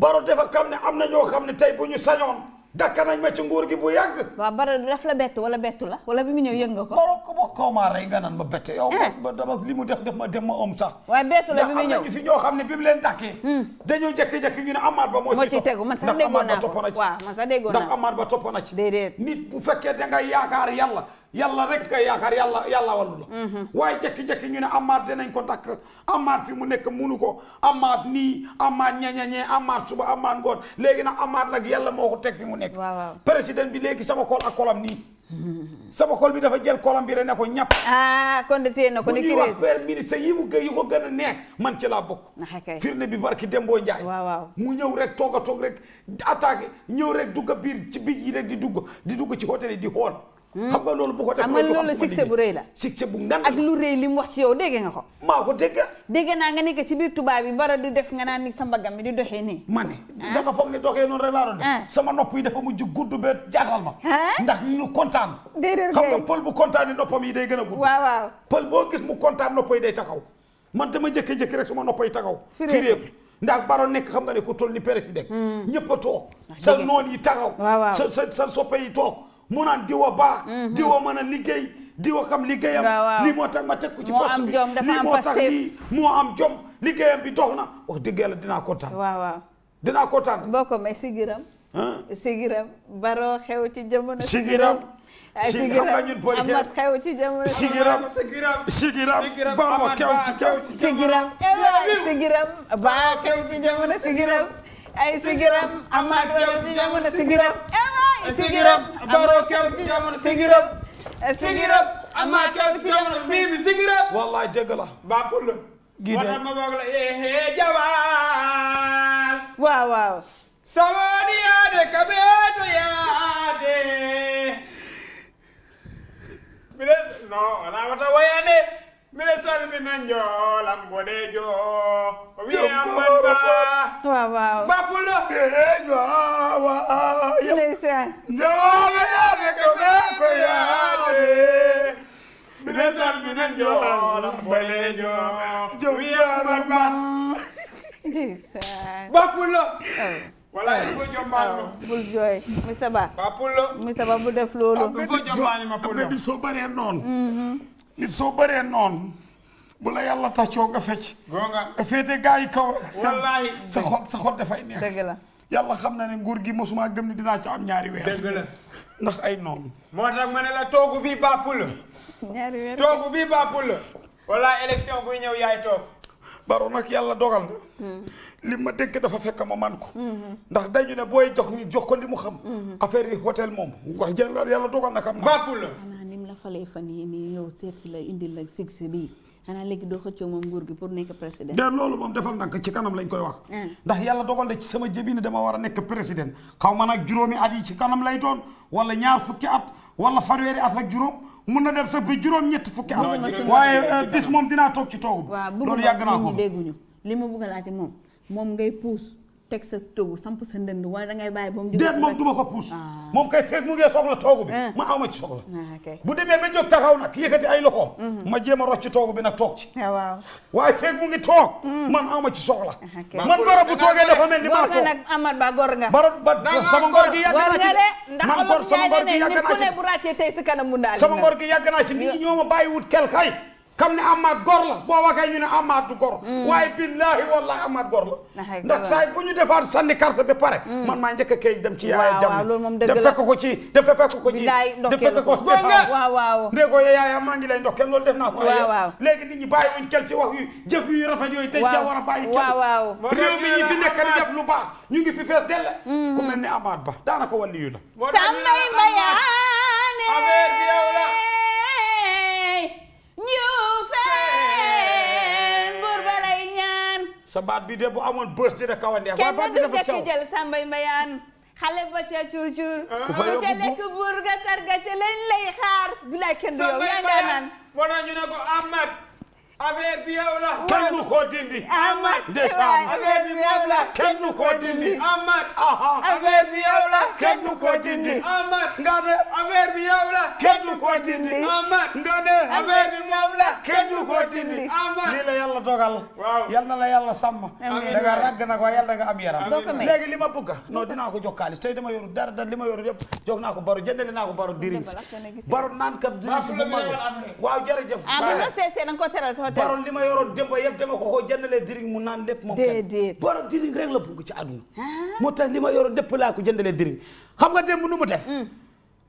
baro dafa xam ne am na ñoo xam ne tey bu ñu sañoon dakka nañ ma ci nguur gi bu yàgg. waaw bara daf la bett wala bettu la wala bi mu ñëw nga ko. baro ko boo ko maa rey nga naan ma bette. yow eh. ba dama li mu def def ma dem ma om sax. waaye bettu la bi mu ñëw ndax am na ñu fi ñoo xam ne bi mu leen dàkkee. Hmm. dañoo jékki-jékki ñu ne Amath Ba moo ci tegu man sax déggoo naa ko ndax Amath Ba topp na ci. waaw man sax déggoo naa ko nit bu fekkee da nga yaakaar yàlla yàlla rek nga yaakaar yàlla yàlla wàllu mhm. waaye jekki-jekki ñu ne amaat dinañ ko takk amaat fi mu nekk munu ko amaat nii amaat ñeñeñee amaat suba amaat ngoon léegi nag amaat nag yàlla moo ko teg fi mu nekk président bi léegi sama kol ak kolam nii sama kol bi dafa jël kolam bi rek ne ko ñàpp ah kon de téye na ko ne kii wax père ministre yi mu gën yi ko gën a neex man ci laa bokk ah, firnde bi barki Dembo Njaay mu ñëw rek toog a toog rek attaqué ñëw rek dugg biir ci biir yi rek di dugg di dugg ci hôtel yi di xool Hmm? xam nga loolu bu ko defee amal loolu succès bu rëy la succès bu ngan ak lu rëy li mu wax ci yow dégg nga ko maa ko dégg dégg naa nga nekk ci biir tubaab bi bara du def nga naan ni sa mbaggam mi di doxee nii ma ne ah. da nga foog ne noonu rek laa doon def ah. sama yi dafa mujj gudd ba jaaxal ma ah. ndax ñu kontaan déedéet xam nga pël bu kontaan ni yi day gën a gudd waaw waaw pël boo gis mu kontaan nopp yi day takaw man dama jëkki-jëkki rek sama nopp yi takaw ndax baro nekk xam nga ne ku toll ni président hmm. ñëpp a toog sa noon yi taxaw sa sa sa soppe yi toog mu naan mm baax diwa mën a liggéey diwa xam liggéeyam lii moo tax ma teg ko ci poste bi lii moo tax am jom liggéeyam bi dox na wax oh, dëgg yàlla dinaa kontaan waaw waaw dinaa kontaan boo ko may sigiram sigiram xew ci jamono sigiram si xam nga ñun politique xew ci jamono sigiram sigiram sigiram sigiram sigiram ay sigiram amaat kew si sigiram sigiram baroo kew si jamono sigiram sigiram eh, eh, sigiram wallaay dëgg la baaxul la gii de ma boog la eh, eh jabaal waaw waaw sawooni wata wayande mbiɗa salmina njoolam goɗejo o wiyaman ba wawaw bapulo eñoawa ndeysan njoola yaade ko ɓe ko yaade mbiɗa salmina njoolam goɗejo o wiyaman ba ndeysan bapulo voilà oh. il faut jombaanima oh, bul jooy mi saba bapullo mi saba bu def loolu affaire bi soo baree noonu nit soo baree noonu bu la yàlla tàccoo nga fecc. a féete gaa yi kaw rek. sa xol sa xol dafay neex. la yàlla xam na ne nguur gi mosuma gëm ni dinaa ci am ñaari weer. ndax ay noonu. moo tax ma ne la toogu bi bàppul. ñaari weer toogu bi bàppul. wala élection buy ñëw yaay toog. baro nag yàlla dogal na. Hmm. li ma dénk dafa fekk ma man ko. Hmm. ndax dañu ne booy jox ñu jox ko li mu xam. Hmm. affaire yi moom wax jël yàlla dogal na kam. bàppul. falee fan yii nii yow seet si la indil la succès bi xanaa léegi doo xëccoo moom nguur gi pour nekk président. de loolu moom defal ndànk ci ah. ci kanam lay doon wala ñaar fukki at wala fanweeri at ak juróom mun na dem sax ba juróom ñett fukki at. waaye euh, bis moom dinaa toog ci toogu. loolu yàgg naa ko li mu bëgg laati moom moom ngay puus. teg sa toogu samp sa ndënd wala dangay bàyyi ba mu. déet moom du ma ko puus. Ah. moom kay fekk mu ngee soxla toogu bi. Ah. ma aw ma ci soxla. Ah, bu demee ba jóg taxaw nag yëkkati ay loxoom. Mhm. ma jéem a rocc toogu bi na toog ci. waaw waaye fekk mu ngi toog. Mm. man aw ma ci soxla. man baro bu toogee dafa mel ni maa toog. Amar Ba gor nga. baro ba sama ngor gi yàgg naa ci. man gor sama ngor gi yàgg naa ci. tey si kanam mu ndaal. ngor gi yàgg naa ci nit ñi ñoo ma wut kel kay xam ne amaat gor la boo waxee ñu ne amaat hmm. du ndax saay bu ñu defaat sànni carte ba pare hmm. man maa njëkk a kay dem ci yaaya jàmm da fekk ko ci da fekk ko ci da fekk ko ci waaw waaw ndéego ko ci a def lu baax ñu ngi fi fees dell hmm. ku mel ne amaat ba daanaka wàllu yu la sàmbay mayaane sa baat bi de bu amoon bës dina kaw a neex. waaye baat bi dafa sew kenn du jël sambay mbayaan xale ba ca cuucuur. Ah. ku fa ca lekk buur ga sarga ca lañ lay xaar. bilaay kenn du yow yaa ngi naan. moo ñu ne ko Ahmed. abe biyaw la. kenn du ko dindi. amat ndeysaan. abe biyaw la. kenn du ko dindi. amat. abe biyaw la. kenn du ko dindi. amat. nga ne. abe biyaw la. kenn du ko dindi. amat. nga ne. abe biyaw la. kenn du ko dindi. amat. lii la yàlla dogal. waaw yal na la yàlla sàmm. amiin da nga ràgg nag waaye yàlla da nga am yaram. léegi li ma bëgg non dinaa ko jox xaalis tey dama yoru dara dara li ma yoru yëpp jox naa ko baro jëndale naa ko baro diri. baro naan kat diri si bu mag waaw jërëjëf. ah bu ma seesee na nga ko teral tey borom li ma yoroon démb yëpp dama ko koo jëndalee diriñ mu naan lépp moom déedéet borom diriñ rek la bugg ci àdduna ah. moo tax li ma yoroon lépp laa ko jëndalee diriñ xam nga démb nu mu def hmm.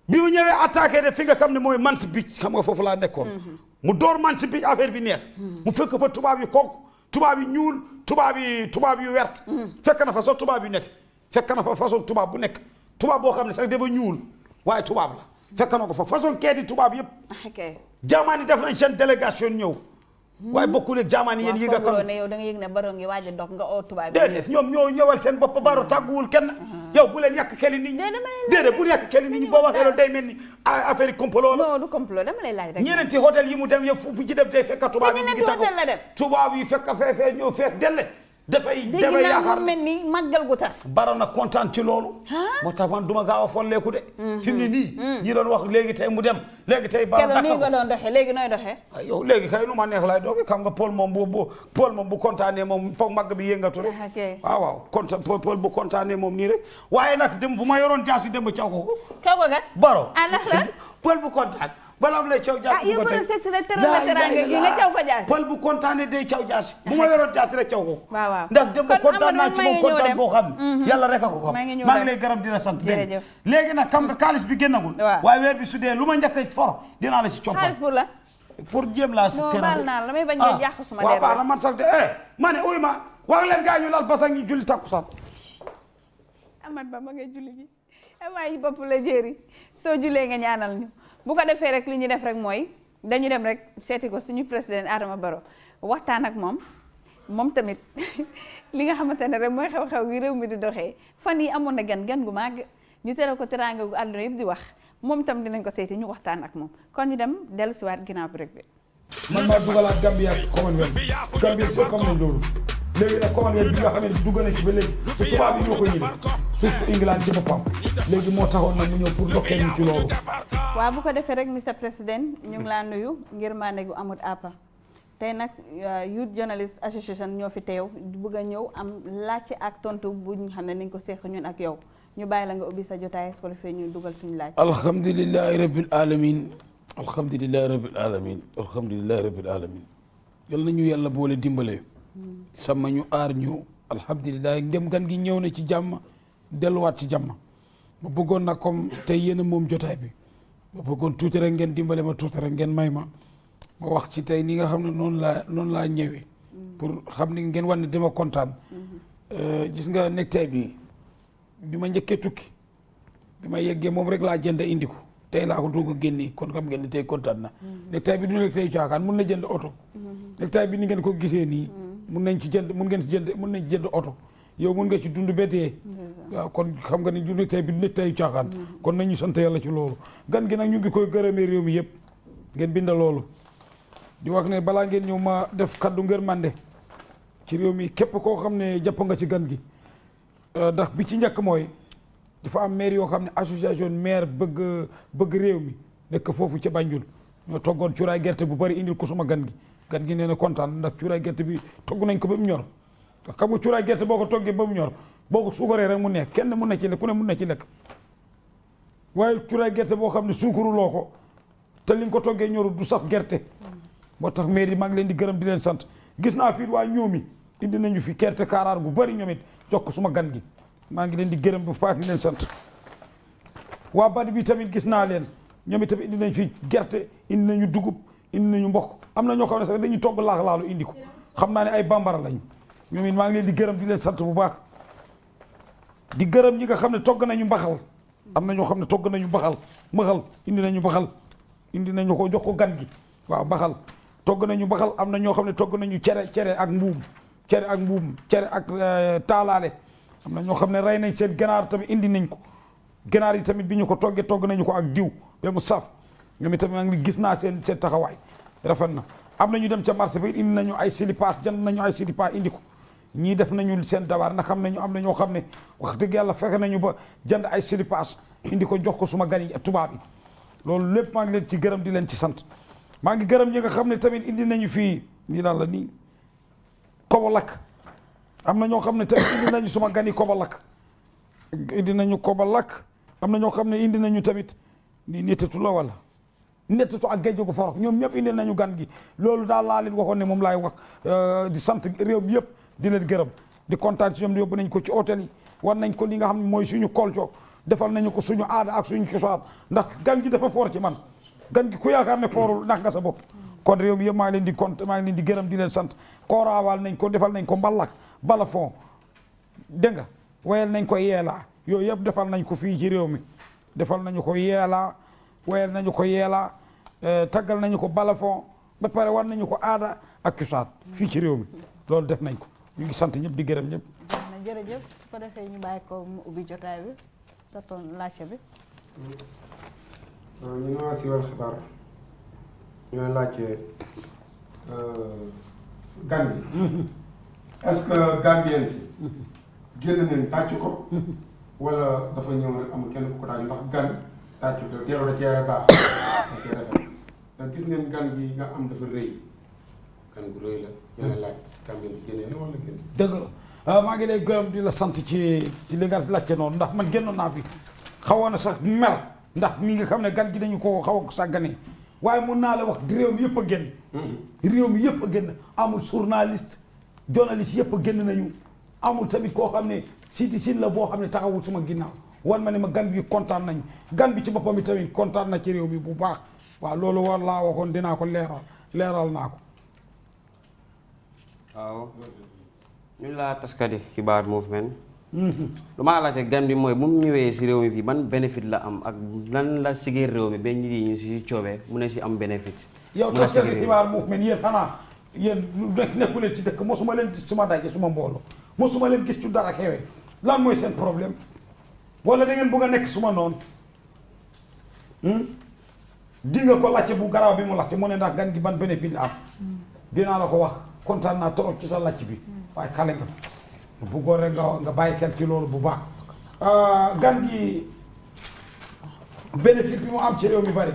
bi mu ñëwee attaqué de fi nga xam ne mooy Man's Beach xam nga foofu laa nekkoon hmm, hmm. mu door Man's Beach affaire bi neex mu fekk fa tubaab yu konk tubaab yu ñuul tubaab yi tubaab yu wert fekk na fa sax tubaab yu net fekk na fa façon tubaab bu nekk tubaab boo xam ne sax dafa ñuul waaye tubaab la fekk na ko fa façon keeti tubaab yëpp ah, jaamaani def nañ seen délégation ñëw waaye bokkul ak jaamaani yéen yi nga xam ne yow da nga ne baro ngi waaj a nga oo tubaab déedéet ñoom ñoo ñëwal seen bopp baro tàgguwul kenn ah. yow bu leen yàq xeli ñi déedéet bu yàq xeli nit ñi boo waxee day mel ni affaire complot la non du complot dama lay laaj rek ñeneenti hôtel yi mu dem yëpp fu ci dem day fekk tubaab yi ñu ngi fekk delle dafay dafay yaakaar mel ni màggal gu tas bara na kontaan ci loolu moo tax man du ma gaaw a folleeku de mhm. fi mu ne nii mhm. ñi doon wax léegi tey mu dem léegi tey bara dakk nii nga doon doxee léegi nooy doxee ay yow léegi kay nu ma neex laay doxee xam nga Paul moom bu bu Paul moom bu kontaanee moom foog màgg bi yëngatu rek ah, waaw waaw konta bu kontaanee moom nii rek waaye nag dem bu ma yoroon jaas bi dem ba caw ko ko balam lay caw jaas bu ko tey gi nga caw ko jaas pal bu kontaane day caw jaas bu ma yoroon jaas rek caw ko waaw waaw ndax dem ba kontaan naa ci moom kontaan boo xam mhm. yàlla rek a ko xam Di ngi lay gërëm dina sant dégg léegi nag xam nga xaalis bi génnagul waaye weer bi su dee lu for dinaa la si compal xaalis pour la pour jéem si bañ a ah, yàq suma man sax eh mana, ne ma wax leen gaa ñu lal basang ñu julli takkusaan amat ba ma ngay julli ji eh, waaye bopp la jéeri soo julee nga ñaanal ñu bu ko defee rek li ñu def rek mooy dañu dem rek seeti ko suñu président Adama Barrow waxtaan ak moom moom tamit *laughs* li nga xamante ne rek mooy xew-xew gi réew mi di doxee fan yi amoon na gan gan gu màgg ñu tere ko teraanga gu àdduna yëpp di wax moom itam dinañ ko seeti ñu waxtaan ak moom kon ñu dem dellu siwaat ginnaaw rek bi man maa dugalaat Gambia ak Commonwealth Gambia soo xam ne loolu léegi nag Commonwealth bi nga xam léegi su tubaab yi ñoo ko yële surtout England ci boppam léegi moo taxoon nag mu ñëw pour ndokkee ñu ci loolu waaw bu ko defee rek monsieur président ñu ngi laa nuyu ngir maane gu amut àppa tey nag euh, Youth Journalist Association ñoo fi teew bëgg a ñëw am laaj ci ak tontu bu ñu xam ne nañ ko seq ñun ak yow ñu bàyyi la nga ubbi sa jotaay su ko ñu dugal suñu laaj. alhamdulilahi rabil alamin alhamdulilahi rabil alamin alhamdulilahi rabil alamin yal na ñu yàlla boole dimbale. sama ñu aar ñu alhamdulilah dem gan gi ñëw na ci jàmm delluwaat ci jàmm ma bëggoon na comme tey yéen a moom jotaay bi. ba bëggoon tuuti rek ngeen dimbale ma tuuti rek ngeen may ma ma wax ci tey ni nga xam ne noonu laa noonu laa ñëwee. Mm-hmm. pour xam ne ngeen wan ne dama kontaan. Mm-hmm. Euh, gis nga nectar bi bi ma njëkkee tukki bi ma yeggee moom rek laa jënd indi ko tey laa ko doog a génne kon xam ngeen ne tey kontaan na. Mm-hmm. nectar bi du nectar caakaan mun na jënd oto. nectar bi ni ngeen ko gisee nii. mun nañ ci jënd mun ngeen ci jënd mun nañ jënd oto. yow mën nga ci dund ba dee kon xam nga ni dund tey bi nit tey caaxaan kon nañu sant yàlla ci loolu gan gi nag ñu ngi koy gërëmee réew mi yëpp ngeen binda loolu di wax ne balaa ngeen ñëw ma def kàddu ngër mande ci réew mi képp koo xam ne jàpp nga ci gan gi euh, ndax bi ci njëkk mooy dafa am maire yoo xam ne association maire bëgg bëgg réew mi nekk foofu ca Banjul ñoo toggoon cuuraay gerte bu bari indil ko suma gan gi gan gi nee na kontaan ndax cuuraay gerte bi togg nañ ko ba mu ñor xam nga cuuraay gerte boo ko toggee ba mu ñor boo ko suukaree rek mu neex kenn mun na ci lekk ku ne mun na ci lekk waaye cuuraay gerte boo xam ne suukaruloo ko te li ko toggee ñoru du saf gerte moo tax mairie maa ngi leen di gërëm di leen sant gis naa fii waa ñoomi indi nañu fi gerte kaaraar gu bëri ñoom it jox ko suma gan gi maa ngi leen di gërëm bu faat di leen sant waa bari bi tamit gis naa leen ñoom itamit indi nañ fi gerte indi nañu dugub indi nañu mbokk am na ñoo xam ne sax dañuy togg laax laalu indi ko xam naa ne ay bambara lañu ñoom it maa ngi leen di gërëm di leen sant bu baax di gërëm ñi nga xam ne togg nañu mbaxal am na ñoo xam ne togg nañu mbaxal mbaxal indi nañu mbaxal indi nañu ko jox ko gan gi waaw mbaxal togg nañu mbaxal am na ñoo xam ne togg nañu cere cere ak mbuum cere ak mbuum cere ak eh, taalaale am na ñoo xam ne rey nañ seen ganaar tamit indi nañ ko ganaar yi tamit bi ñu ko toggee togg nañu ko ak diw ba mu saf ñoom itamit maa ngi gis naa seen seen taxawaay rafet na am na ñu dem ca marché bi indi nañu ay silipaas jënd nañu ay silipaas indi ko ñii def nañu seen dawaar na xam nañu am na ñoo xam ne wax dëgg yàlla fexe nañu ba jënd ay silipaas indi ko jox ko suma gani yi tubaab loolu lépp maa ngi leen ci gërëm di leen ci sant maa ngi gërëm ñi nga xam ne tamit indi nañu fii lii naan la nii kobalak am na ñoo xam ne tamit indi nañu suma lakk yi kobalak indi nañu kobalak am na ñoo xam ne indi nañu tamit nii nettatu la wala nettatu a géej gu forox ñoom ñëpp indi nañu gan gi loolu daal laa leen waxoon ne moom laay wax euh, di sant réew mi yëpp di leen gërëm di kontaan si ñoom yóbbu nañ ko ci hôtel war nañ ko li nga xam ne mooy suñu kolco defal nañu ko suñu aada ak suñu cosaan ndax gan gi dafa foor ci man gan gi ku yaakaar ne foorul ndax nga sa bopp kon réew mi yëpp maa ngi leen di kont maa ngi leen di gërëm di leen sant kooraawaal nañ ko defal nañ ko mbalak bala fond dégg nga wayal nañ ko yeelaa yooyu yëpp defal nañ ko fii ci réew mi defal nañu ko yeelaa wayal nañu ko yeelaa eh, taggal nañu ko balafon ba pare war nañu ko aada ak cosaan fii ci réew mi loolu def nañ ko ñu ngi sant ñëpp di gërëm ñëpp. jërëjëf su ko defee ñu bàyyi ko mu ubbi jotaay bi sa toon laajte bi. Euh, ñu ngi wax si wàllu xibaar ñooy laajte euh, gan bi *laughs* est-ce que ñëw ndax gan tàcc ko teeloo da cee baax *coughs* da gis ngeen gan bi nga am dafa rëy. kan gu rëy la dina ah, maa ngi lay gërëm di la sant ci ci li nga noonu ndax man génnoon naa fi xawoon na sax mer ndax mi nga xam ne gan gi nañu ko xaw a sàggane waaye mun naa la wax di réew mi yëpp a génn. Mm-hmm. réew mi yëpp a génn amul journaliste journaliste yëpp a génn nañu amul tamit koo xam ne siti sin la boo xam ne taxawul suma ginnaaw wan ma ne ma gan bi kontaan nañ gan bi ci boppam bi tamit kontaan na ci réew mi bu baax waaw loolu war laa waxoon dinaa ko leeral leeral naa ko waaw ñu laa taskati xibaar movement lu ma laajte gan bi mooy bu mu ñëwee si réew mi fii ban bénéfice la am ak lan la sigee réew mi ba ñi ñu si coobee mu ne si am bénéfice yow taskati xibaar movement yéen xanaa yéen rek nekkuleen ci dëkk mosuma leen gis suma daje suma mbooloo mosuma leen gis ci dara xewee lan mooy seen problème wala da ngeen bëgg a nekk suma noonu hmm? di nga ko laajte bu garaaw bi mu laajte mu ne ndax gan gi ban bénéfice la am dinaa la ko wax kontaan naa trop ci sa làcc bi waaye xale nga bëggoon rek nga nga bàyyi xel ci loolu bu baax euh, gan gi bénéfice bi mu am ci réew mi bari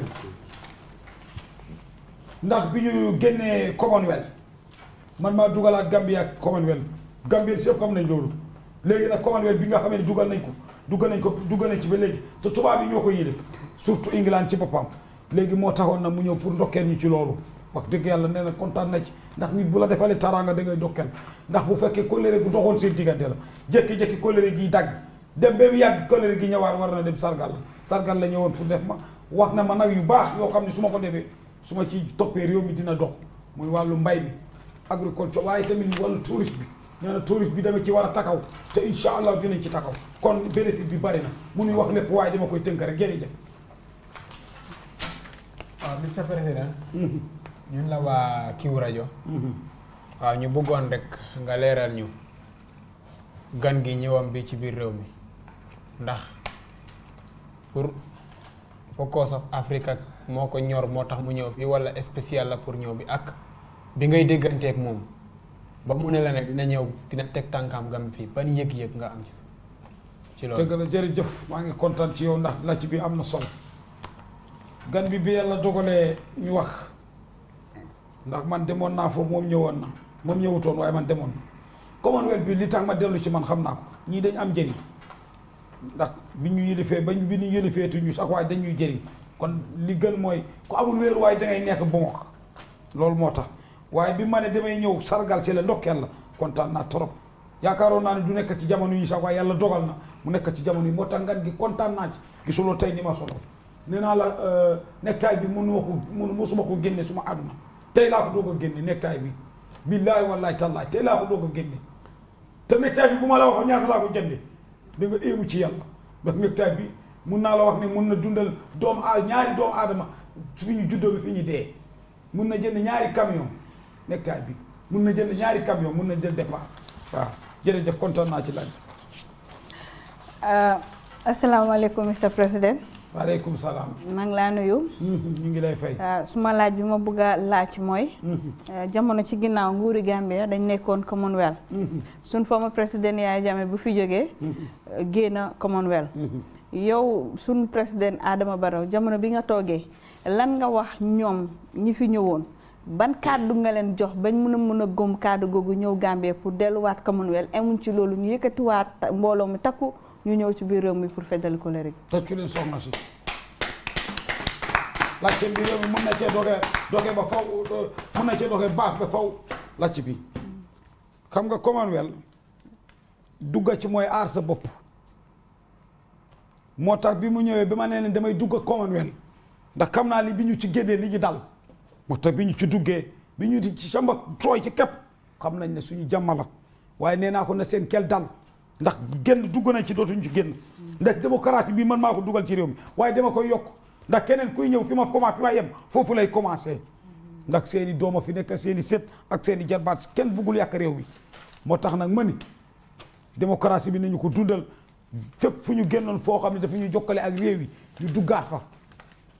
ndax bi ñu génnee Commonwealth man maa dugalaat Gambie ak Commonwealth Gambie si yëpp xam nañ loolu léegi nag Commonwealth bi nga xamee ne dugal nañ ko dugal nañ ko dugal nañ ci ba léegi te tubaab yi ñoo ko yilif surtout England ci boppam léegi moo taxoon na mu ñëw pour ndokkeen ñu ci loolu wax dëgg yàlla nee na kontaan na ci ndax nit bu la defalee taraanga da ngay dokkeel ndax bu fekkee colère gu doxoon seen diggante la jékki-jékki colère gi dagg dem ba mu yàgg colère gi ñëwaat war na dem sargal la sargal la ñëwoon pour def ma wax na ma nag yu baax yoo xam ne su ma ko defee su ma ci toppee réew mi dina dox muy wàllu mbay mi agriculture waaye tamit wàllu tourisme bi nee na bi dama ci war a takaw te incha allah dinañ ci takaw kon bénéfice bi bari na munuy wax lépp waaye dama koy tënk rek jërëjëf waaw ah, monsieur président mm-hmm. ñun la wa kiw rajo mhm. wa ñu bëggoon rek nga léral ñu gan gi ñëwam bi ci biir réew mi ndax pour focus of Africa moko ko ñor motax mu ñëw fi wala spécial la pour ñëw bi ak bi ngay ak moom ba mu ne la ne dina ñëw dina teg tànkam gam fii ban yëg-yëg nga am ci ci loolu dëgg la jërëjëf maa ngi kontaan ci yow ndax laaj bi am na solo gan bi bi yàlla dogalee ñu wax ndax man demoon naa foofu moom ñëwoon na moom ñëwutoon waaye man demoon na commonwealth bi li tax ma dellu ci man xam naa ko ñii dañ am njëriñ ndax bi ñu yëlifee bañ bi ñu yëlifee tuñu sax waaye dañuy jëriñ kon li gën mooy ku amul wéeru waaye dangay nekk bu loolu moo tax waaye bi ma ne damay ñëw sargal si la la kontaan naa trop yaakaaroon naa ne du nekk ci jamono yi sax waaye yàlla dogal na mu nekk ci jamono yi moo tax ngan gi kontaan naa ci gisuloo tey ni ma solo nee naa la euh, nektaay bi mënu ma ko mënu mosuma ko génne suma àdduna tey laa ko doog a génne nektaay bi billaay wallaay tallaay tey laa ko doog a génne te nektaay bi bu ma la waxoon ñaata laa ko jënde ci yàlla ndax nektaay bi mun naa la wax ne mun na dundal doomu a ñaari doomu aadama fi ñu juddoo bi fi ñu dee mun na jënd ñaari camion nektaay bi mun na jënd ñaari camion mun na jël départ waaw jërëjëf kontaan naa ci laaj euh, asalaamaaleykum Mr President waaleykum salaam. maa laa nuyu. Mm-hmm. ñu ngi lay ah, laaj bi ma bëgg a laaj mooy. Mm-hmm. Ah, jamono ci ginnaaw nguuri Gambia dañ nekkoon Commonwealth. Mm-hmm. suñ ma président Yaya Jammeh bu fi jógee. Ah, génn Commonwealth. yow suñ président Adama bariw jamono bi nga toogee lan nga wax ñoom ñi fi ñëwoon ban kàddu nga leen jox bañ mun a mun a góom kàddu googu ñëw Gambie pour delluwaat Commonwealth amuñ ci loolu ñu yëkkatiwaat mbooloo mi takku. ñu ñëw ci biir réew mi pour feddali colère gi tëccu leen soxna si làcc bi réew mi mën na cee doge doge ba faw mën na cee doge baax ba faw làcc bi xam nga commonwealth dugga ci mooy aar sa bopp moo tax bi mu ñëwee bi ma nee leen damay dugg commonwealth ndax xam naa li bi ñu ci génnee li ñu dal moo tax bi ñu ci duggee bi ñu ci samba tooy ci képp xam nañ ne suñu jàmm la waaye nee naa ko na seen kel dal ndax génn dugg nañ ci dootuñ ci génn ndax démocratie bi man maa ko dugal ci réew mi waaye dama koy yokk ndax keneen kuy ñëw fi ma commencé fi ma yem foofu lay commencé ndax seeni i dooma fi nekk seeni i ak seen i jarbaat kenn buggul yàq réew mi moo tax nag ma ni démocratie bi nañu ko dundal fépp fu ñu génnoon foo xam ne dafa ñu jokkale ak réew yi di duggaat fa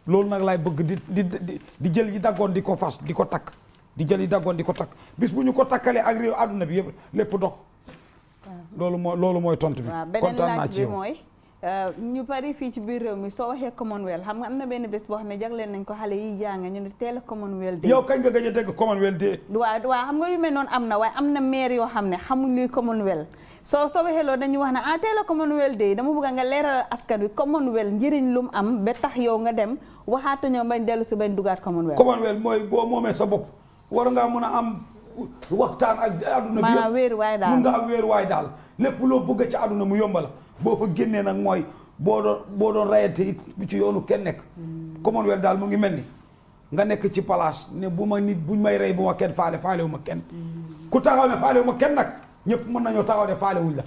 loolu nag laay bëgg di di di di jël yi daggoon di ko fas di ko takk di jël yi daggoon di ko takk bis bu ñu ko takkalee ak réew bi yëpp lépp dox loolu mooy loolu mooy tontu bi. kontaan beneen laaj bi mooy euh, ñu bari fii ci biir réew mi soo waxee Commonwealth xam nga am na benn bés boo xam ne jagleel nañ ko xale yiy jàng ñu ne a Commonwealth day. yow kañ nga a dégg Commonwealth day. waaw waaw xam nga yu mel noonu am na waaye am na maire yoo ne xamuñ luy Commonwealth. soo soo waxee loolu dañuy wax ne ah teel a Commonwealth day dama bëgg nga leeral askan wi Commonwealth njëriñ lu mu am ba tax yow nga dem waxaata ñoom bañ dellu si bañ dugaat Commonwealth. Commonwealth mooy boo moomee sa bopp war ngaa mun a am waxtaan ak àdduna bi maanaam wéeruwaay daal mun ngaa wéeruwaay daal lépp loo bëgg ci àdduna mu yomba la boo fa génnee nag mooy boo doon boo doon rayante it bu ci yoonu kenn nekk hmm. commonwealth daal mu ngi mel ni nga nekk ci palaas ne bu ma nit buñ may rey bu ma kenn faale faale wu ma kenn hmm. ku taxaw ne faale wu ma kenn nag ñëpp mën nañoo taxaw ne faale wuñ la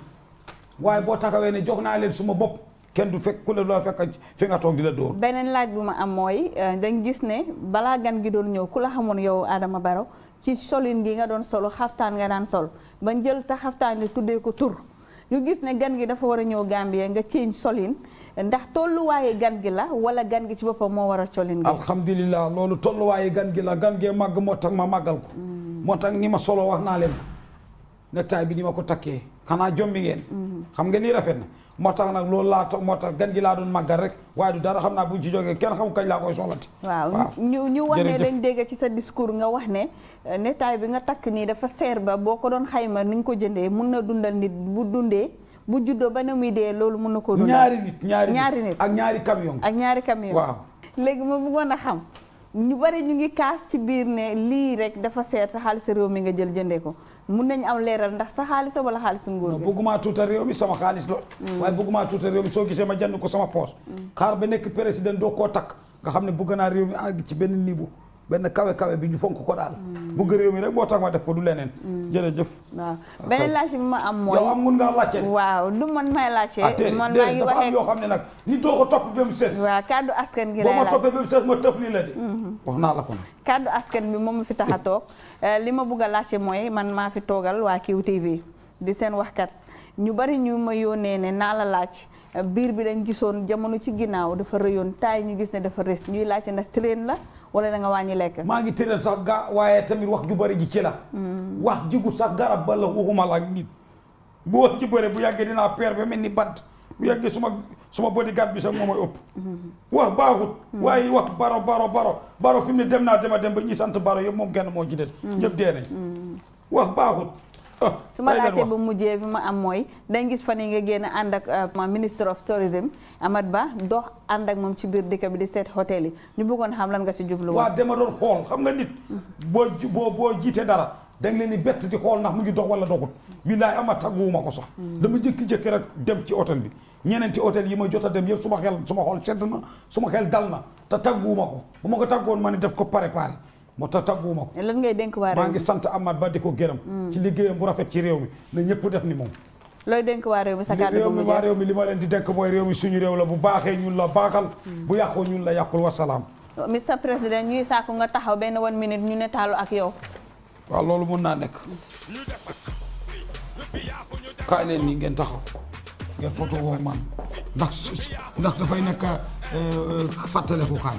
waaye boo taxawee ne jox naa leen suma bopp kenn du fekk la doon fekk fi nga toog di la dóor beneen laaj bu ma am mooy euh, dañ gis ne balaa gan gi doon ñëw ku la xamoon yow Adama Barrow ci solin gi nga doon solo xaftaan nga daan sol bañ jël sa xaftaan gi tuddee ko tur ñu gis ne gan gi dafa war a ñëw Gambie nga ceeñ solin ndax tolluwaaye gan gi la wala gan gi ci boppam moo war a colin gi alhamdulilah loolu tolluwaaye gan gi la gan gee màgg moo tax ma màggal ko mm. moo tax ni ma solo wax naa leen ko nektaay bi ni ma ko takkee xanaa jombi ngeen mm. xam nga ni rafet na moo tax nag loolu laa moo tax gan ji laa doon màggal rek waaye du dara xam naa buñ ci jógee kenn xamu kañ laa koy soxlati waaw ñu ñu wax ne dañ dégg ci sa discours nga wax ne euh, nettaay bi nga takk nii dafa seer ba boo ko doon xayma ni nga ko jëndee mun na dundal nit bu dundee bu juddoo ba ne muy dee loolu mun na ko dundal ñaari nit ñaari nit ak ñaari camion ak ñaari camion waaw léegi ma bëggoon a xam ñu bari ñu ngi kaas ci biir ne lii rek dafa seer te xaalis réew mi nga jël jëndee ko mun nañ am leeral ndax sa xaalis wala xaalisu nguur gi bëgguma tuuta réew mi sama xaalis la mm. waaye bëgguma tuuta réew mi soo gisee ma jand ko sama poos mm. xaar ba nekk président doo koo takk nga xam ne bëgg naa réew mi àgg ci benn niveau benn kawe kawe bi ñu fonk ko daal. bëgg réew mi rek moo tax ma def ko du leneen. Mm. jërëjëf. waaw ah, beneen laaj bi ma am mooy. waaw du man may laajte. Ah, man maa ngi waxee dafa yoo xam ne askan gi lay laaj boo ma toppee ba mu seet ma lii la de. Mm-hmm. naa la ko. kaddu askan bi moom mu fi tax a toog *laughs* eh, li ma bugg a laajte mooy man maa fi toogal waa QTV di seen waxkat ñu bari ñu ma yónnee ne naa la laaj. Eh, biir bi dañ gisoon jamono ci ginnaaw dafa rëyoon taay ñu gis ne dafa rës ñuy laajte ndax train la. wala da nga wàññi lekk. maa ngi tëral sax ga waaye tamit wax ju bëri ji ci la. Hmm. wax jigu sax garab ba la waxuma la ak nit. bu wax ji bëri bu yàggee dinaa peer ba mel ni bant bu yàggee suma suma bodyguard bi sax moo may ëpp. Hmm. wax baaxut. Hmm. waaye wax baro baro baro baro fi mu ne dem naa dem dem ba ñi sant baro yëpp moom kenn moo ci des. ñëpp dee nañ. wax baaxut. *laughs* su ma laajtee bu mujjee bi ma am mooy dañ gis fan yi nga génn ànd ak euh, ministre of tourism Amat Ba dox ànd ak moom ci biir dëkk bi di seet hôtel yi ñu bëggoon xam lan nga ci jublu waaw dama doon xool xam nga nit mm-hmm. boo boo boo jiite dara da leen di bett di ndax mu ngi dox wala doxut billaay ama tàgguwuma ko sax mm-hmm. dama jëkki-jëkki rek dem ci hôtel bi ñeneenti hôtel yi ma jot a dem yëpp suma xel suma xool sedd na suma xel dal na te tàgguwuma ko bu ma ko taggoon ma ne def ko préparé moo tax tàgguwuma ko. lan ngay dénk waa réew mi maa ngi sant amaat Ba di ko gërëm. Mm. ci liggéeyam bu rafet ci réew mi na ñëpp def ni moom. looy dénk waa réew mi sa kàddu réew waa réew mi li ma leen di dénk mooy réew mi suñu réew la bu baaxee ñun la baaxal. Mm. bu yàqoo ñun la yàqul wasalaam. Mr President ñuy sàkku nga taxaw benn one minute ñu ne taalu ak yow. waaw loolu mën naa nekk. kaay leen nii ngeen taxaw ngeen photo woo man ndax ndax dafay nekk euh, euh, ko kaay.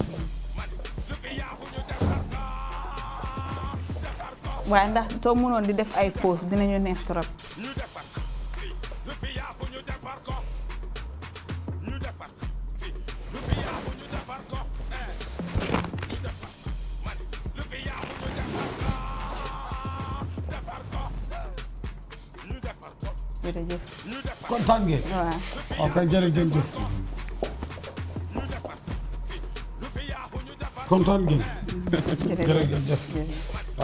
wanda ndax soo mënoon di def ay pause dinañu neex trop jërëjëf gini, oke jadi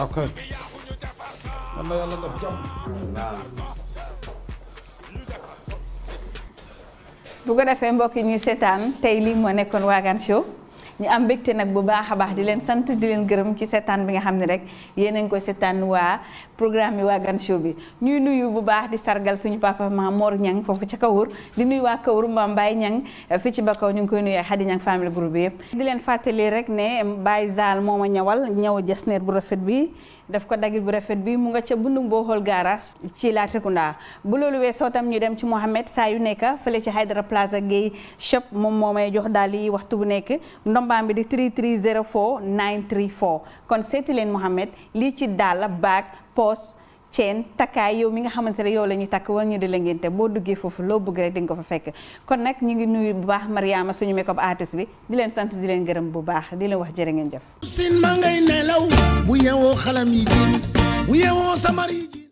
ok jërëjëf na yàlla def ko defee mbokk yi ñuy seetaan tey lii moo nekkoon Wagan Show ñu am mbégte nag bu baax a baax di leen sant di leen gërëm ci seetaan bi nga xam ne rek yéen a ko seetaan waa programme bi Wagan Show bi ñuy nuyu bu baax di sargal suñu papa ma Mor Ñang foofu ca Kawur di nuyu waa Kawur mbaam Mbaye Ñang eh, fi ci Bakaw ñu ngi koy nuyu Xadi Ñang famille groupe bi yëpp di leen fàttali rek ne Baye Zal moo ma ñawal ñaw jasneer bu rafet bi def ko dagit bu rafet bi mu nga ca boo Mbohol garage ci Latrikunda bu loolu weesoo tam ñu dem ci Mohamed saa yu nekk fële ci Hydra Plaza Gay shop moom moo may jox daal yi waxtu bu nekk ndombaam bi di 3304 934 kon seeti leen Mohamed lii ci daal baag poos ceen takkaay yow mi nga xamante ne yow la ñuy takk war ñu di la ngénte boo duggee foofu loo bëgg rek di nga ko fa fekk kon nag ñu ngi nuyu bu baax Mariama suñu make-up artist bi di leen sant di leen gërëm bu baax di leen wax jërë ngeen jëf sin ma ngay nelaw bu yewoo xalam yi ji bu yewoo samar yi